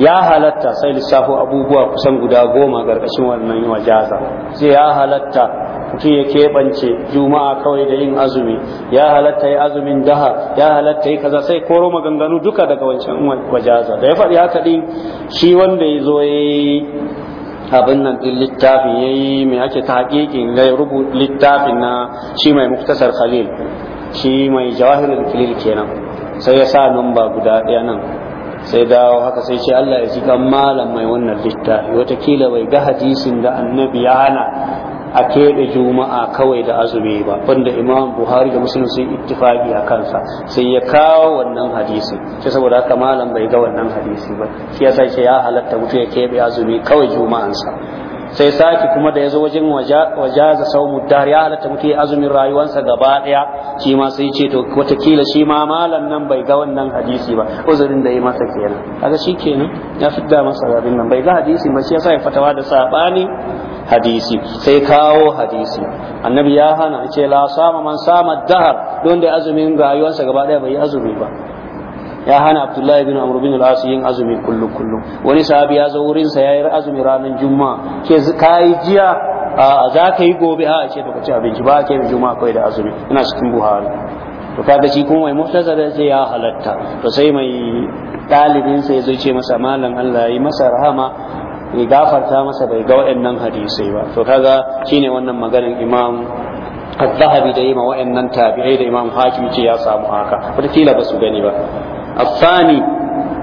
ya halatta sai lissafo abubuwa kusan guda goma ƙarƙashin wannan wajaza sai ya halatta mutum ya keɓance juma'a kawai da yin azumi ya halatta yi azumin daha ya halatta yi kaza sai koro maganganu duka daga wancan wajaza da ya faɗi haka ɗin shi wanda ya zo ya yi abin nan ɗin littafin ya yi mai ake ta haƙiƙin ya rubuta littafin na shi mai muktasar khalil shi mai jawahirin khalil kenan sai ya sa numba guda ɗaya nan sai dawo haka sai ce Allah ya ji kan malam mai wannan littafi watakila bai ga hadisin da annabi ya hana a keɓe juma'a kawai da azumi ba wanda imam buhari da muslim sun ittifaki a kansa sai ya kawo wannan hadisin sai saboda haka malam bai ga wannan hadisi ba shi yasa ce ya halatta mutu ya keɓe azumi kawai juma'ansa sai saki kuma da ya zo wajen za sau dar ya halatta muke azumin rayuwarsa gaba daya shi ma sai ce to watakila shi ma malam nan bai ga wannan hadisi ba uzurin da ya masa kenan kaga kenan ya fidda masa rabin nan bai ga hadisi ba shi yasa ya fatawa da sabani hadisi sai kawo hadisi annabi ya hana ce la sama man sama dahar don da azumin rayuwarsa gaba daya bai azumi ba ya hana abdullahi bin amr bin al-as yin azumi kullum kullum wani sahabi ya zo wurin sa yayi azumi ranar juma'a ke kai jiya a za ka yi gobe a ce baka ci abinci ba ke juma'a kai da azumi ina cikin buhari to kaga shi kuma mai muhtasa da ya halatta to sai mai dalibin sai ya zo ce masa malam Allah yi masa rahama ya gafarta masa bai ga waɗannan hadisai ba to kaga shine wannan maganar imam الذهبي da yi ma wa'annan tabi'ai da imam hakim ce ya samu haka wata kila ba su gani ba الثاني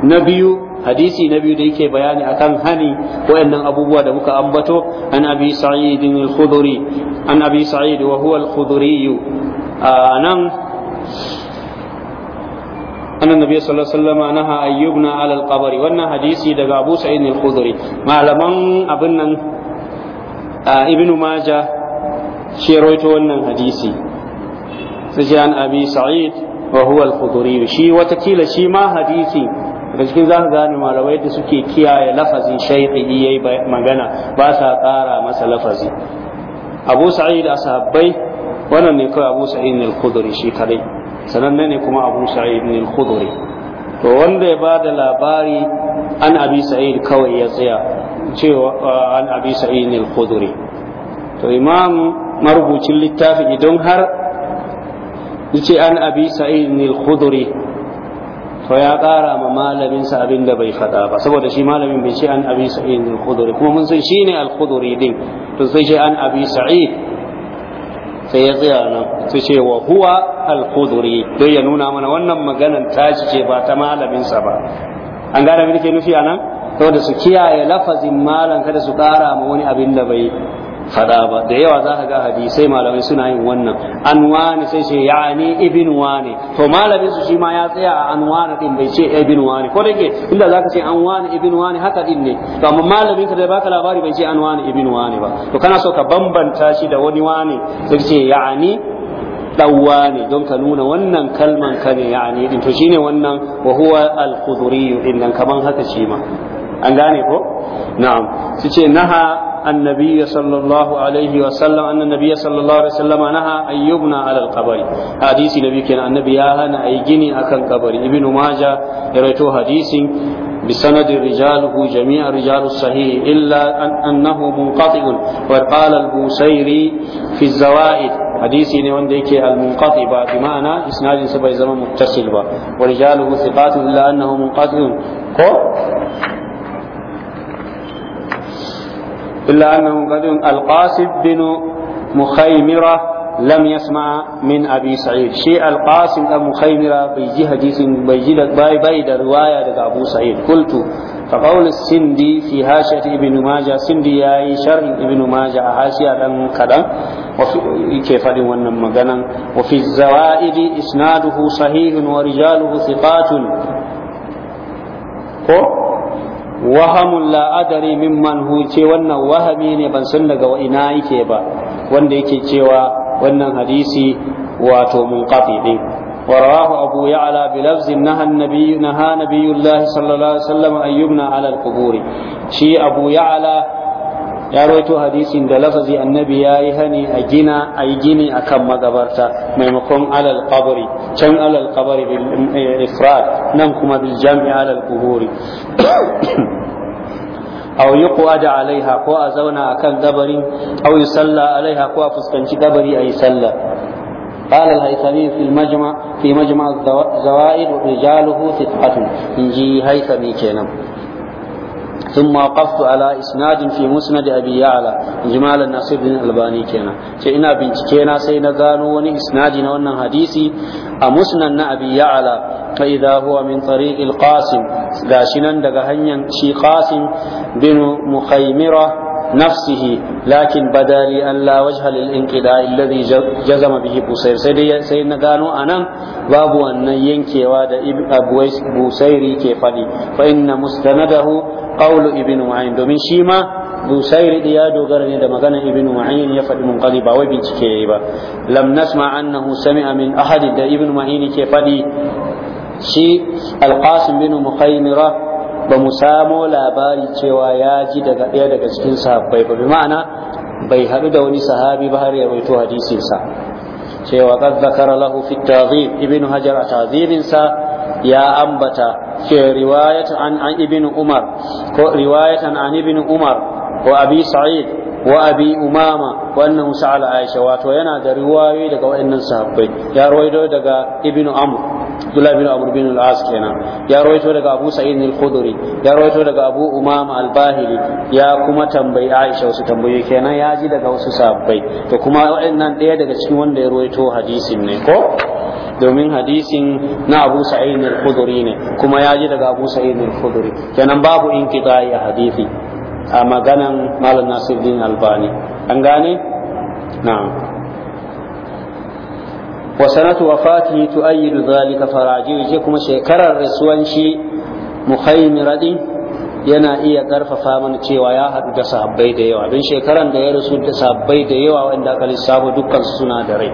نبي حديثي نبي ديك بيان أكان هني وأن أبو بود بك أنبته عن أبي سعيد الخضري عن أبي سعيد وهو الخضري أنا أن النبي صلى الله عليه وسلم نهى أن يبنى على القبر وأن حديثي دقى أبو سعيد الخضري معلما أبنا ابن ماجه شيرويت وأن حديثي سجان أبي سعيد wa huwa al-khudri shi watakila shi ma hadisi da cikin za ka gane malamai da suke kiyaye lafazin shaykhi yayi magana ba sa ƙara masa lafazi abu sa'id ashabbai wannan ne kawai abu sa'id al-khudri shi kadai sananne ne kuma abu sa'id al-khudri to wanda ya ba da labari an abi sa'id kawai ya tsaya cewa an abi sa'id al-khudri to imam marubucin littafi idan har yace an abi sa'id al-khudri to ya kara ma malaminsa abin da bai faɗa ba saboda shi malamin bai ce an abi sa'id al-khudri kuma mun san shine al-khudri din to sai ce an abi sa'id sai ya tsaya nan sai ce wa huwa al-khudri dai ya nuna mana wannan maganan ci ce ba ta malaminsa ba an gane me ke nufi anan saboda su kiyaye lafazin malam kada su kara ma wani abin da bai fada ba da yawa za ka ga hadisai malamai suna yin wannan an wani sai ce ya ne ibn wani to malamin su shi ma ya tsaya a an wani din bai ce ibn wani ko dake inda za ka ce an wani ibn wani haka din ne to amma malamin ka da baka labari bai ce an wani ibn wani ba to kana so ka bambanta shi da wani wani sai ce ya ne ɗauwa don ka nuna wannan kalman ka ne ya ne din to shine wannan wa huwa al khudhuri din kaman haka shi ma an gane ko na'am su ce naha النبي صلى الله عليه وسلم أن النبي صلى الله عليه وسلم نهى أن يبنى على القبر حديث النبي كان النبي هنا أي جني أكن قبر ابن ماجه يروي حديث بسند رجاله جميع رجال الصحيح إلا أن أنه منقطع وقال البوسيري في الزوائد حديثي ne wanda yake al-munqati ba bi ma'ana isnadin sa bai zama muttasil ba wa rijaluhu thiqatun illa annahu munqati'un ko إلا أنه قد القاسب بن مخيمرة لم يسمع من أبي سعيد شيء القاسم المخيمرة بيجي حديث بيجي باي باي رواية لك أبو سعيد قلت فقول السندي في هاشية ابن ماجة سندي يا شر ابن ماجة هاشية لم كلام كيف ونم وفي الزوائد إسناده صحيح ورجاله ثقات wahamun la'adari mimman huce wannan wahami ne ban san daga ina yake ba wanda yake cewa wannan hadisi wato munqati din ورواه أبو يعلى بلفظ نهى النبي نهى نبي الله صلى الله عليه وسلم أن يبنى على ya rawaito hadisin da lafazi annabi ya yi hani a gina a yi gini a kan magabarta maimakon alal kabari can alal kabari bil eh, ifrad nan kuma bil jam'i alal quburi aw da alaiha ko a zauna a kan gabarin aw sallah alaiha ko a fuskanci gabari a yi sallah قال الهيثمي في المجمع في مجمع الزوائد رجاله ثقة من جي هيثمي كينا ثم ala على اسناد musnadi مسند ابي يعلى جمال الناصر بن الباني كنا ce ina bincike na sai na gano wani isnadi na wannan hadisi a musnan na abi ta fa idha huwa min tariq al gashinan daga hanyar shi qasim bin mukhaymira نفسه لكن بدا لي أن لا وجه للانقضاء الذي جزم به بوسير سيدي سيدنا قالوا أنا باب أن ينكي واد بوسيري كفدي فإن مستنده قول ابن معين دومين شيما بوسير يا دوغر ne da magana ibn Ma'in ya faɗi munqadi ba wai bincike yayi ba lam nasma annahu sami'a min ahad da ibn Ma'in ke faɗi shi al-Qasim bin Muqaynira ba mu samo labari cewa ya ji daga ɗaya daga cikin sahabbai ba bi ma'ana bai haɗu da wani sahabi ba har ya rawaito hadisinsa cewa qad zakara lahu fi tazib ibnu hajar a tazibinsa ya ambata ke riwayatan an an ibnu umar ko riwayatan an ibnu umar wa abi sa'id wa abi umama wa annahu sa'ala aisha wato yana da riwayoyi daga waɗannan sahabbai ya rawaito daga ibnu amr Abdullahi bin Amr bin al-As kenan ya rawaito daga Abu Sa'id al-Khudri ya rawaito daga Abu Umama al-Bahili ya kuma tambayi Aisha wasu tambayoyi kenan ya ji daga wasu sahabbai to kuma waɗannan ɗaya daga cikin wanda ya rawaito hadisin ne ko domin hadisin na Abu Sa'id al-Khudri ne kuma ya ji daga Abu Sa'id al-Khudri kenan babu inqita'i a hadisi a maganan Malam Nasiruddin Albani an gane na'am wa sanatu wafatihi tu'ayyidu dhalika faraji'u ce kuma shekarar rasuwan shi mukhaymiradi yana iya karfafa mana cewa ya hadu da sahabbai da yawa don shekaran da ya rasu da sahabbai da yawa wanda aka lissafo dukkan suna da rai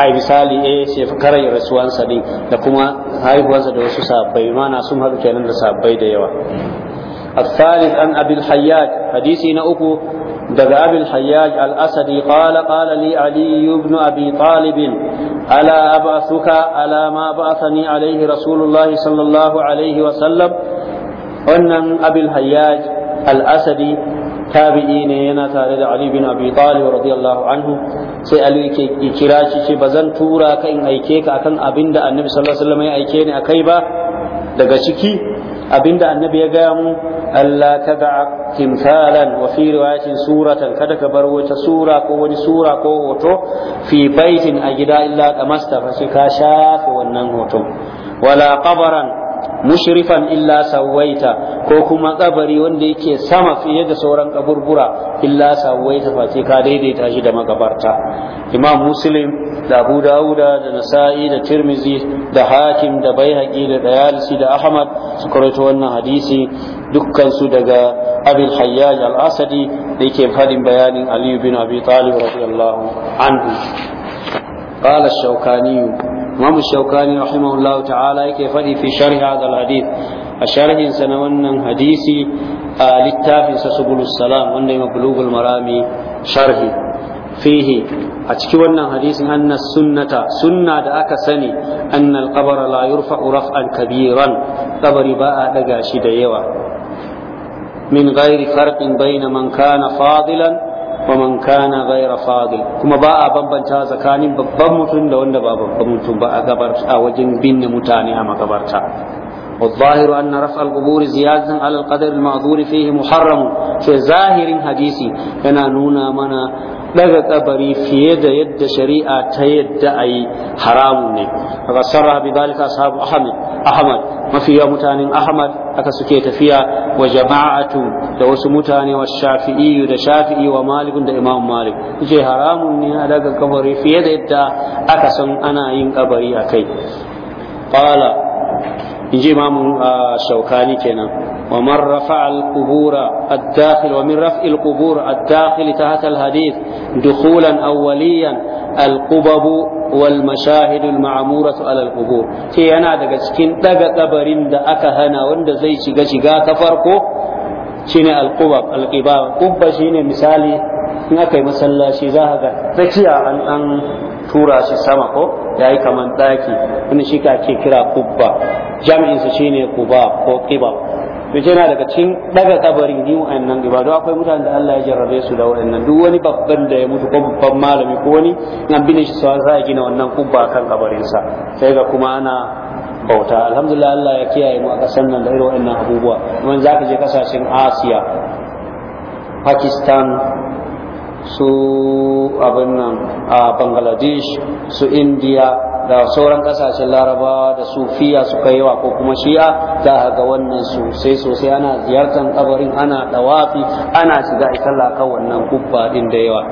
ai misali e shekarar rasuwansa din da kuma haihuwarsa da wasu sahabbai mana sun haɗu kenan da sabbai da yawa an عن أبي الحيات حديثي نأكو daga أبي الحياج الأسدي قال قال لي علي بن أبي طالب ألا أبعثك ألا ما بعثني عليه رسول الله صلى الله عليه وسلم أن أبي الحياج الأسدي tabi'i ne yana tare da Ali bin Abi Talib radiyallahu anhu sai Ali yake kira shi ba zan tura ka in aike ka akan abinda Annabi sallallahu alaihi ya aike ni ba daga ciki abinda annabi ya gaya mu Allah ta da'a timsalan wa fi riwayatin suratan kada ka bar wata sura ko wani sura ko hoto fi baitin a gida illa da masta fa ka shafe wannan hoton wala qabaran mushrifan illa sawaita ko kuma kabari wanda yake sama fiye da sauran kaburbura illa sawaita face ka daidaita shi da makabarta imam muslim da abu dauda da nasa'i da tirmizi da hakim da baihaqi da dayalisi da ahmad su karanto wannan hadisi dukkan su daga abul hayyaj al-asadi da yake fadin bayanin ali bin abi talib radiyallahu anhu qala ash-shawkani Imam shaukani rahimahullahu ta'ala yake faɗi fi sharhi hadha al a sharhin sa na wannan hadisi a littafin sa subulus salam wanda ya bulugul marami sharhi fihi a cikin wannan hadisin anna sunnata sunna da aka sani anna al la yurfa'u raf'an kabiran kabari ba a daga shi da yawa min ghairi farqin bayna man kana fadilan wa na gaira ghayra kuma ba a bambanta tsakanin babban mutum da wanda ba babban mutum ba a gabarta a wajen binne mutane a makabarta والظاهر أن رفع القبور زيادة على القدر المعذور فيه محرم في ظاهر حديثي كان نونا منا daga kabari fiye da yadda shari'a ta yadda a yi haramun ne daga sarra bi dalika ashabu ahmad Mafi mafiya mutanen ahmad aka suke tafiya wa jama'atu da wasu mutane wa shafi'i da shafi'i wa malikun da imam malik ce haramun ne a daga kabari fiye da yadda aka san ana yin kabari a kai qala in ji ah, shaukani kenan ومن رفع القبور الداخل ومن رفع القبور الداخل تحت الحديث دخولا أوليا القبب والمشاهد المعمورة على القبور كي أنا دقا سكين دقا قبرين دا أكا هنا وند زي شغا شغا كفرقو شيني القبب القباب قبة شيني مثالي نكي مسلا شزاها تكيا أن أن tura shi sama ko ya yi kamar ɗaki wani shi ka ke kira kubba jami'insa shine kuba ko kibab to na daga cikin daga kabarin ni wa'annan ibadu akwai mutanen da Allah ya jarrabe su da wa'annan duk wani babban da ya mutu ko babban malami ko wani nan bine shi sa za a gina wannan kubba kan kabarinsa sai ga kuma ana bauta alhamdulillah Allah ya kiyaye mu a kasan nan da irin wa'annan abubuwa kuma za ka je kasashen Asiya Pakistan su abin nan a Bangladesh su India da sauran kasashen larabawa da sufiya suka yi wa ko kuma shi'a za ga wannan sosai sosai ana ziyartar kabarin ana dawafi ana shiga a sallah kan wannan kubba din da yawa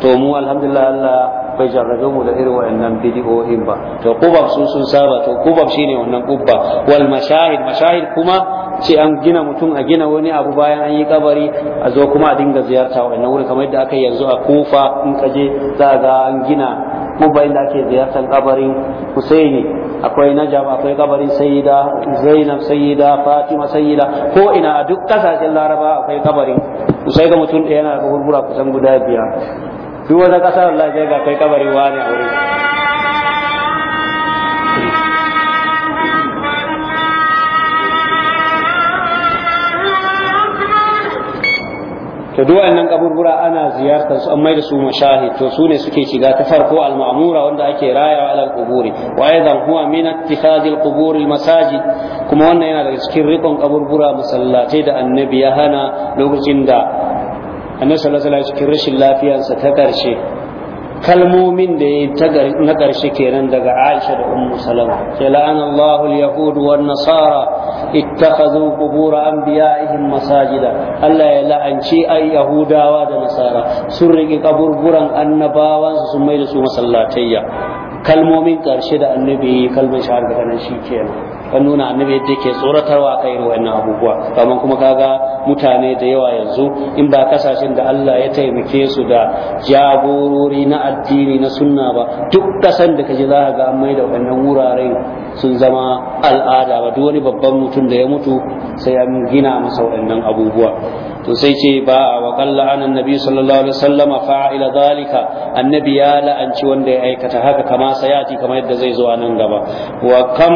to mu alhamdulillah Allah bai jarrabe mu da irin wayannan bidiyoyin ba to kubba sun sun saba to kubba shine wannan kubba wal mashahid mashahid kuma ce an gina mutum a gina wani abu bayan an yi kabari a zo kuma a dinga ziyarta wannan wuri kamar yadda aka yanzu a kufa in ka je za ga an gina mubayin da ake ziyartar kabarin husaini akwai najab akwai kabarin sayyida zainab sayyida fatima sayyida ko ina a duk kasashen laraba akwai kabarin sai ga mutum ɗaya yana da kusan guda biyar duk wata ƙasar Allah zai ga kai kabarin wani a wurin to duk wannan kaburbura ana ziyartar su an mai da su mashahid to su ne suke shiga ta farko al-ma'mura wanda ake rayawa ala al-quburi wa aidan huwa min ittikhadil qubur masajid kuma wannan yana daga cikin rikon kaburbura masallatai da annabi ya hana lokacin da annabi sallallahu alaihi wasallam cikin rashin lafiyarsa ta karshe kalmomin da ya na ƙarshe kenan daga Aisha da Ummu Salama ce la'ana Allahu al-yahud wa nasara ittakhadhu qubur anbiya'ihim masajida Allah ya la'anci ai yahudawa da nasara sun rike kaburburan annabawan su mai da su masallatayya kalmomin ƙarshe da annabi kalmar kanan shi kenan. kan nuna annabi yadda yake tsoratarwa kai wannan abubuwa amma kuma kaga mutane da yawa yanzu in ba kasashen da Allah ya taimake su da jagorori na addini na sunna ba duk kasan da kaje za ga an mai da wannan wuraren sun zama al'ada ba duk wani babban mutum da ya mutu sai an gina masa wannan abubuwa to sai ce ba wa qalla anan nabi sallallahu alaihi wasallam fa'ila zalika annabi ya la'anci wanda ya aikata haka kama sayati kamar yadda zai zo nan gaba wa kam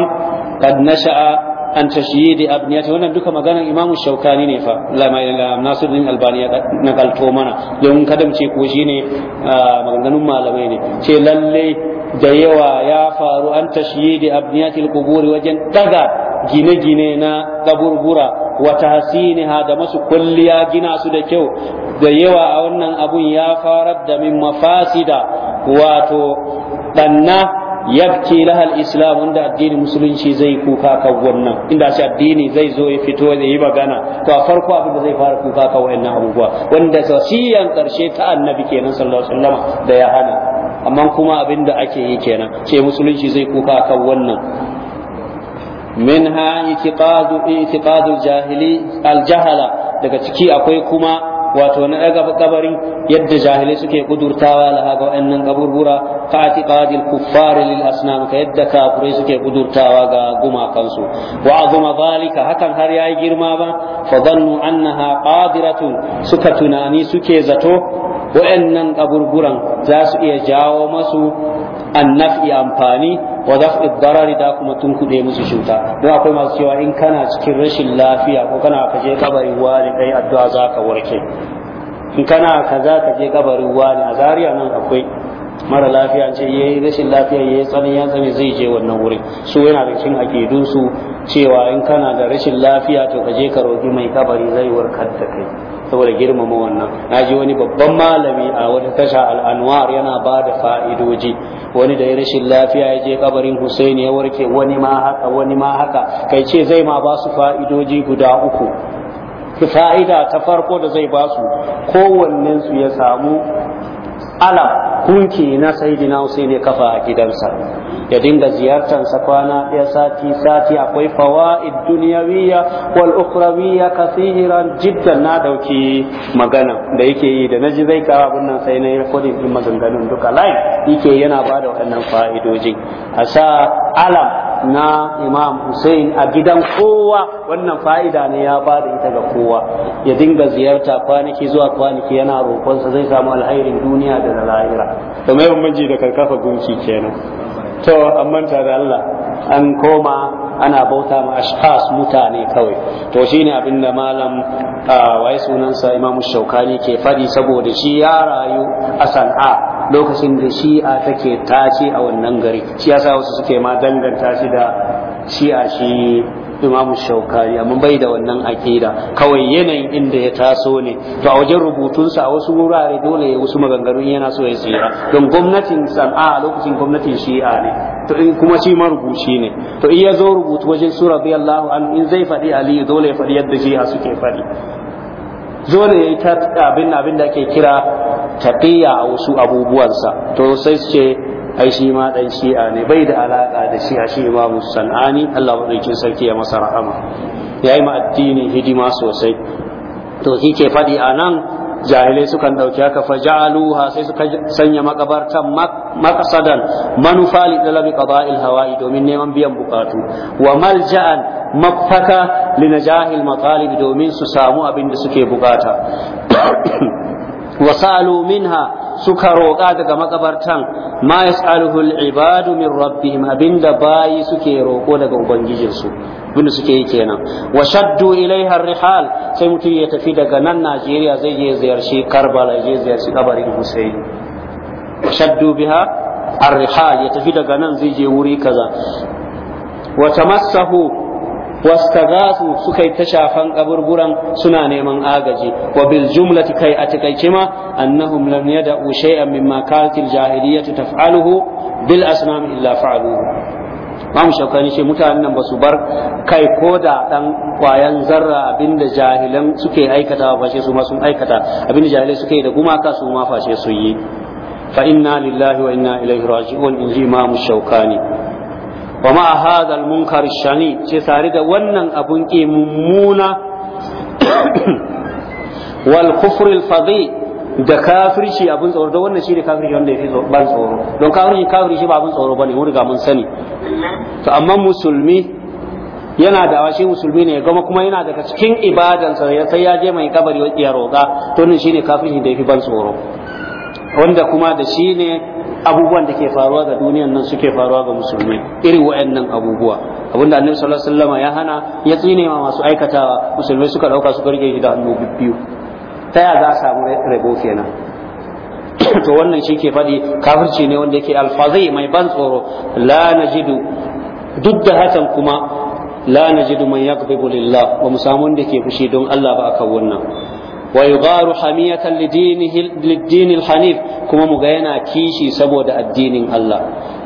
qad nasha'a an tashyidi abniyati wannan duka maganar Imam Shaukani ne fa Nasiruddin Albani ya nakalto mana don kadamce ko shine maganganun malamai ne ce lallai da yawa ya faru an tashyidi abniyati alquburi wajen daga gine-gine na kaburbura Wata tahsiniha da masu kulliya gina su da kyau da yawa a wannan abun ya fara da min mafasida wato banna yabki lahal islam inda addini musulunci zai kuka kan wannan inda shi addini zai zo ya fito ya yi magana to a farko abin da zai fara kuka kan wannan abubuwa wanda wasiyan karshe ta annabi kenan sallallahu alaihi wasallam da ya hana amma kuma abin da ake yi kenan ce musulunci zai kuka kan wannan منها اعتقاد اعتقاد الجاهلي الجهلة daga ciki akwai kuma wato na ɗaga kabari yadda jahilai suke ƙudurtawa laha ga wa'annan kaburbura ka atiqadil kuffar lil asnam ka yadda kafirai suke ƙudurtawa ga gumakansu wa azuma zalika hakan har yayi girma ba fa dhannu annaha qadiratun suka tunani suke zato wa'annan kaburburan za su iya jawo masu annafi amfani wa daf'i darari da kuma tun kuɗe musu cuta don akwai masu cewa in kana cikin rashin lafiya ko kana ka je kabarin wani kai addu'a za ka warke in kana za ka je kabarin wani a zariya nan akwai mara lafiya ce ya yi rashin lafiya ya yi tsanin ya zai je wannan wurin su yana da cikin su cewa in kana da rashin lafiya to ka je ka roƙi mai kabari zai warkar da kai saboda girmama wannan na ji wani babban malami a wata tasha al'anwar yana ba da fa'idoji wani da ya rashin lafiya ya je kabarin husaini ya warke wani ma haka wani ma haka kai ce zai ma ba su fa'idoji guda uku fa'ida ta farko da zai ba su kowannen su ya samu alam kunki na sayyidina Hussein ya kafa a gidansa ya dinga sa kwana ɗaya sati sati akwai fawaid duniyawiyya wal ukhrawiya kathiran jiddan na dauki magana da yake yi da naji zai kawo abin nan sai na yi recording din maganganun duka live yake yana bada waɗannan fa'idojin a sa alam na imam hussein a gidan kowa wannan fa'ida ne ya ba da ita ga kowa ya dinga ziyarta kwanaki zuwa kwanaki yana roƙonsa zai samu alhairin duniya da na lahira da mai da karkafa gunki kenan to amma da Allah an koma ana bauta ma ashkas mutane kawai to shine abin da malam waye sunansa imamu shaukani ke fadi saboda shi ya rayu a san'a lokacin da shi'a take tace a wannan gari shi yasa wasu suke ma danganta shi da shi'a shi imam shaukari amma bai da wannan akida kawai yanayin inda ya taso ne to a wajen rubutunsa a wasu wurare dole ya wasu maganganu yana so ya tsira don gwamnatin sana'a a lokacin gwamnatin shi'a ne to in kuma shi marubuci ne to in ya zo rubutu wajen su radiyallahu an in zai faɗi ali dole ya faɗi yadda shi'a suke faɗi dole ya yi ta abin abin da ake kira taqiya a wasu abubuwansa to sai su ce ai shi ma dan shi'a ne bai da alaka da shi'a shi imamu sanani Allah madaukin sarki ya masa rahama yayi ma addini hidima sosai to shi ke faɗi a nan jahilai sukan ɗauki haka fa sai suka sanya makabartan maqsadan manufa li talabi qada'il hawa'i domin neman biyan bukatu wa malja'an mafaka li najahil matalib domin su samu abin da suke bukata wasalu minha suka roƙa daga makabartan ma yas'aluhu al-ibadu min rabbihim abinda bayi suke roƙo daga ubangijinsu bin suke yi kenan wa shaddu ilaiha rihal sai mutum ya tafi daga nan Najeriya zai je ziyarci Karbala zai ziyarci kabarin Hussein shaddu biha ar-rihal ya tafi daga nan zai je wuri kaza wa tamassahu wastaghasu suka yi ta shafan kaburburan suna neman agaji wa bil jumlati kai a takaice ma annahum lam yada'u shay'an mimma kanat al jahiliyyah taf'aluhu bil asnam illa fa'aluhu Imam Shawkani ce mutanen nan ba su bar kai ko da ɗan ƙwayan zarra abinda jahilan suke aikata ba su ma sun aikata abinda jahilai suke da gumaka su ma fashe su yi fa inna lillahi wa inna ilaihi raji'un inji Imam Shawkani wa ma hadha al munkar shani ce sare da wannan abun ki mummuna wal kufr al fadi da kafirci abun tsoro da wannan shine kafirci wanda yafi ban tsoro don kafirci kafirci ba abun tsoro bane mun riga mun sani to amma musulmi yana da shi musulmi ne gama kuma yana daga cikin ibadan sa sai ya je mai kabari ya roƙa to nan shine kafirci da yake ban tsoro wanda kuma da shi ne abubuwan da ke faruwa ga duniyan nan suke faruwa ga musulmi irin wayannan abubuwa abinda annabi sallallahu alaihi wasallam ya hana ya tsine ma masu aikatawa musulmi suka dauka suka rige shi da hannu biyu ta ya za a samu rabo kenan to wannan shi ke faɗi kafirci ne wanda yake alfazai mai ban tsoro la najidu duk da hakan kuma la najidu man yaqbibu lillah ba mu samu wanda ke fushi don Allah ba akan wannan wa yugharu hamiyatan lidinihi hanif kuma mu ga yana kishi saboda addinin Allah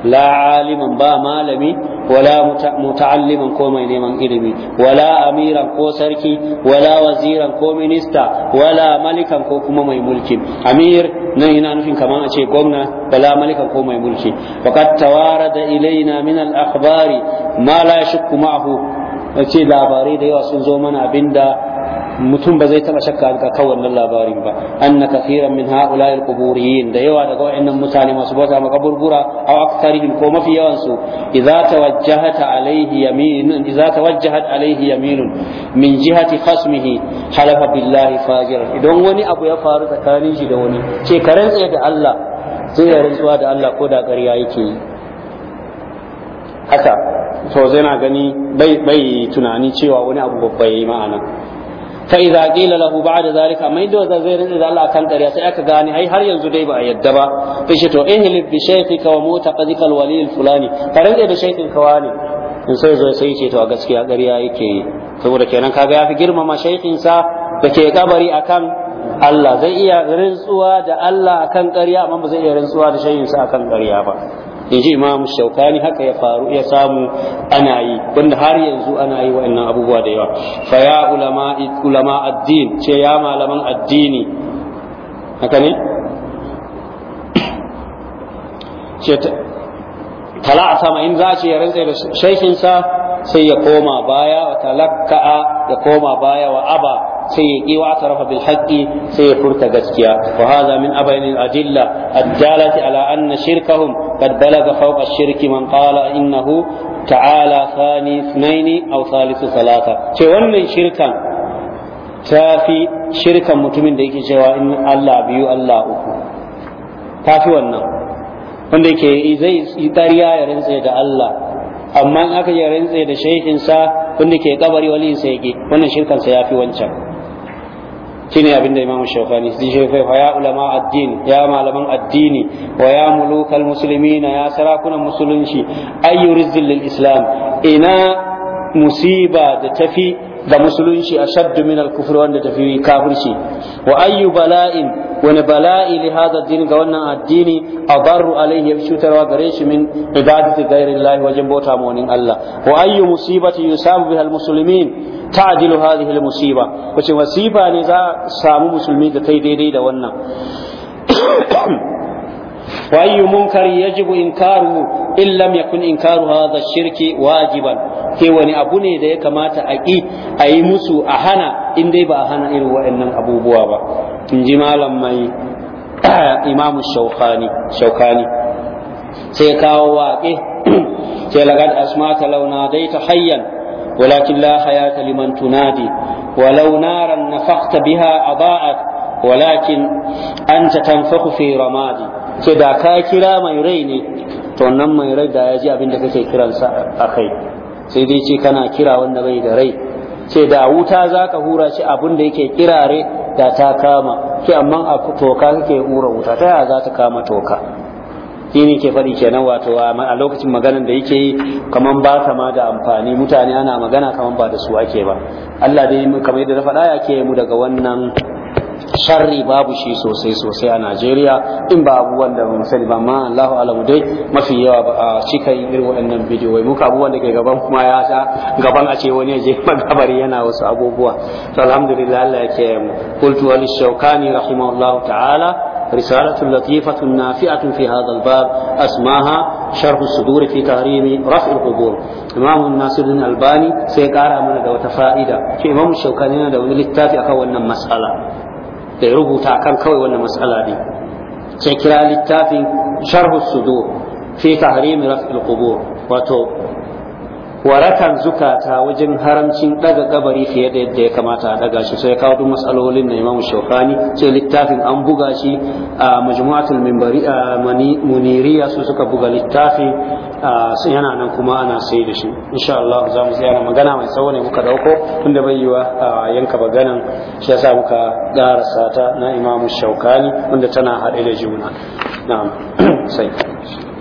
la aliman ba malami wala muta'alliman ko mai neman ilimi wala amiran ko sarki wala waziran ko minista wala malikan ko kuma mai mulki amir nan yana nufin kamar a ce gwamna wala malikan ko mai mulki faqad da ilaina min al akhbari ma la yashukku ma'ahu ce labarai da yawa sun zo mana abinda mutum ba zai taba shakka ga kan wannan labarin ba anna kathiran min haula'i alquburiyin da yawa daga wayannan mutane masu bauta makaburbura aw aktharihim ko mafi yawan su idza tawajjahat alayhi yaminun idza tawajjahat alayhi yaminun min jihati khasmihi halafa billahi fajir idan wani abu ya faru tsakanin shi da wani ce karen tsaye da Allah zai rantsuwa da Allah ko da ƙarya yake yi haka to zai na gani bai tunani cewa wani abu babba ya yi ma'ana fa idza qila lahu ba'da zalika mai da zai rinda da Allah kan ƙarya sai aka gane ai har yanzu dai ba a yadda ba shi to ihlib bi shaykhika wa mutaqadika al wali fulani ka da shaykhin ka wani in sai zo sai ce to a gaskiya ƙarya yake yi saboda kenan kaga yafi girmama shaykhin sa da ke kabari akan Allah zai iya rantsuwa da Allah akan ƙarya amma ba zai iya rantsuwa da shayinsa akan ƙarya ba in ji imam shaukani haka ya faru ya samu ana yi wanda har yanzu ana yi wa'annan abubuwa da yawa fa ya ulama ulama addin ce ya malaman addini haka ne ce tala sama in za ce ya rantsa da shaikinsa sai ya koma baya wa talakka'a ya koma baya wa aba sai ya ƙi wa tarafa bil haqqi sai ya furta gaskiya wa hadha min abainil adilla addalati ala anna shirkahum qad balaga fawqa shirki man qala innahu ta'ala thani ithnaini aw thalithu thalatha ce wannan shirkan ta fi shirkan mutumin da yake cewa in Allah biyu Allah uku ta fi wannan wanda yake zai yi ya rantse da Allah amma in aka yi rantse da shehinsa wanda ke kabari wali sai yake wannan shirkan sa yafi wancan shine abin da imamu shaukani zai shaifai fa ya ulama addini ya malaman addini wa ya mulukal musulmina ya sarakunan musulunci ayyu rizqil islam ina musiba da tafi da musulunci ashaddu min al wanda tafi kafirci wa ayyu bala'in wani bala'i li hadha din ga wannan addini adarru alaihi yafi cutarwa gare shi min ibadati ghairillahi wajen bauta ma Allah wa ayyu musibati yusabu biha al ta'dilu hadhihi al-musiba wace wasifa ne za samu musulmi da tai daidai da wannan وأي منكر يجب إنكاره إن لم يكن إنكار هذا الشرك واجبا sai wani abu ne da ya kamata a ƙi a musu a hana in dai ba a hana irin waɗannan abubuwa ba in ji malam mai imamu shaukani sai kawo waƙe sai lagad asmata launa dai ta hayyan walakin la hayata liman tunadi walau naran nafakta biha a ba'at walakin anta tanfaku fi ramadi ce da ka kira mai rai ne to nan mai rai da ya ji abin da kake kiransa a kai sai dai ce kana kira wanda bai da rai ce da wuta za ka hura shi abin da yake kirare da ta kama ke amma a toka kake hura wuta ta yaya za ta kama toka shi ne ke faɗi kenan wato a lokacin maganar da yake yi kaman ba ta ma da amfani mutane ana magana kaman ba da su ake ba Allah dai kamar yadda na faɗa ya ke mu daga wannan sharri babu shi sosai sosai a Najeriya in ba abubuwan da mu sani ba ma Allahu alamu dai mafi yawa ba a cika yi irin waɗannan bidiyo muka abubuwan da ke gaban kuma ya sa gaban a ce wani je magabari yana wasu abubuwa to alhamdulillah Allah ya mu qultu wal shawkani rahimahullahu ta'ala رسالة لطيفة نافعة في هذا الباب أسماها شرح الصدور في تهريم رفع القبور إمام الناصر الألباني سيقارا من دوت فائدة في إمام الشوكاني دوت للتافع كون مسألة بيعوه تاكل كوي ولا مسألة دي شكرا للتافي شره الصدور في تحريم رفع القبور وتوب warakan zukata wajen haramcin daga kabari fiye da yadda ya kamata a daga shi sai kawo duk matsalolin na imamu shaukani sai littafin an buga shi a majmu'atul minbari a muniriya su suka buga littafi sun yana nan kuma ana sai da shi insha Allah za mu tsaya magana mai tsawo ne muka dauko tunda bai yiwa yanka maganan shi yasa muka ƙara sata na imamu shaukani wanda tana haɗe da juna na'am sai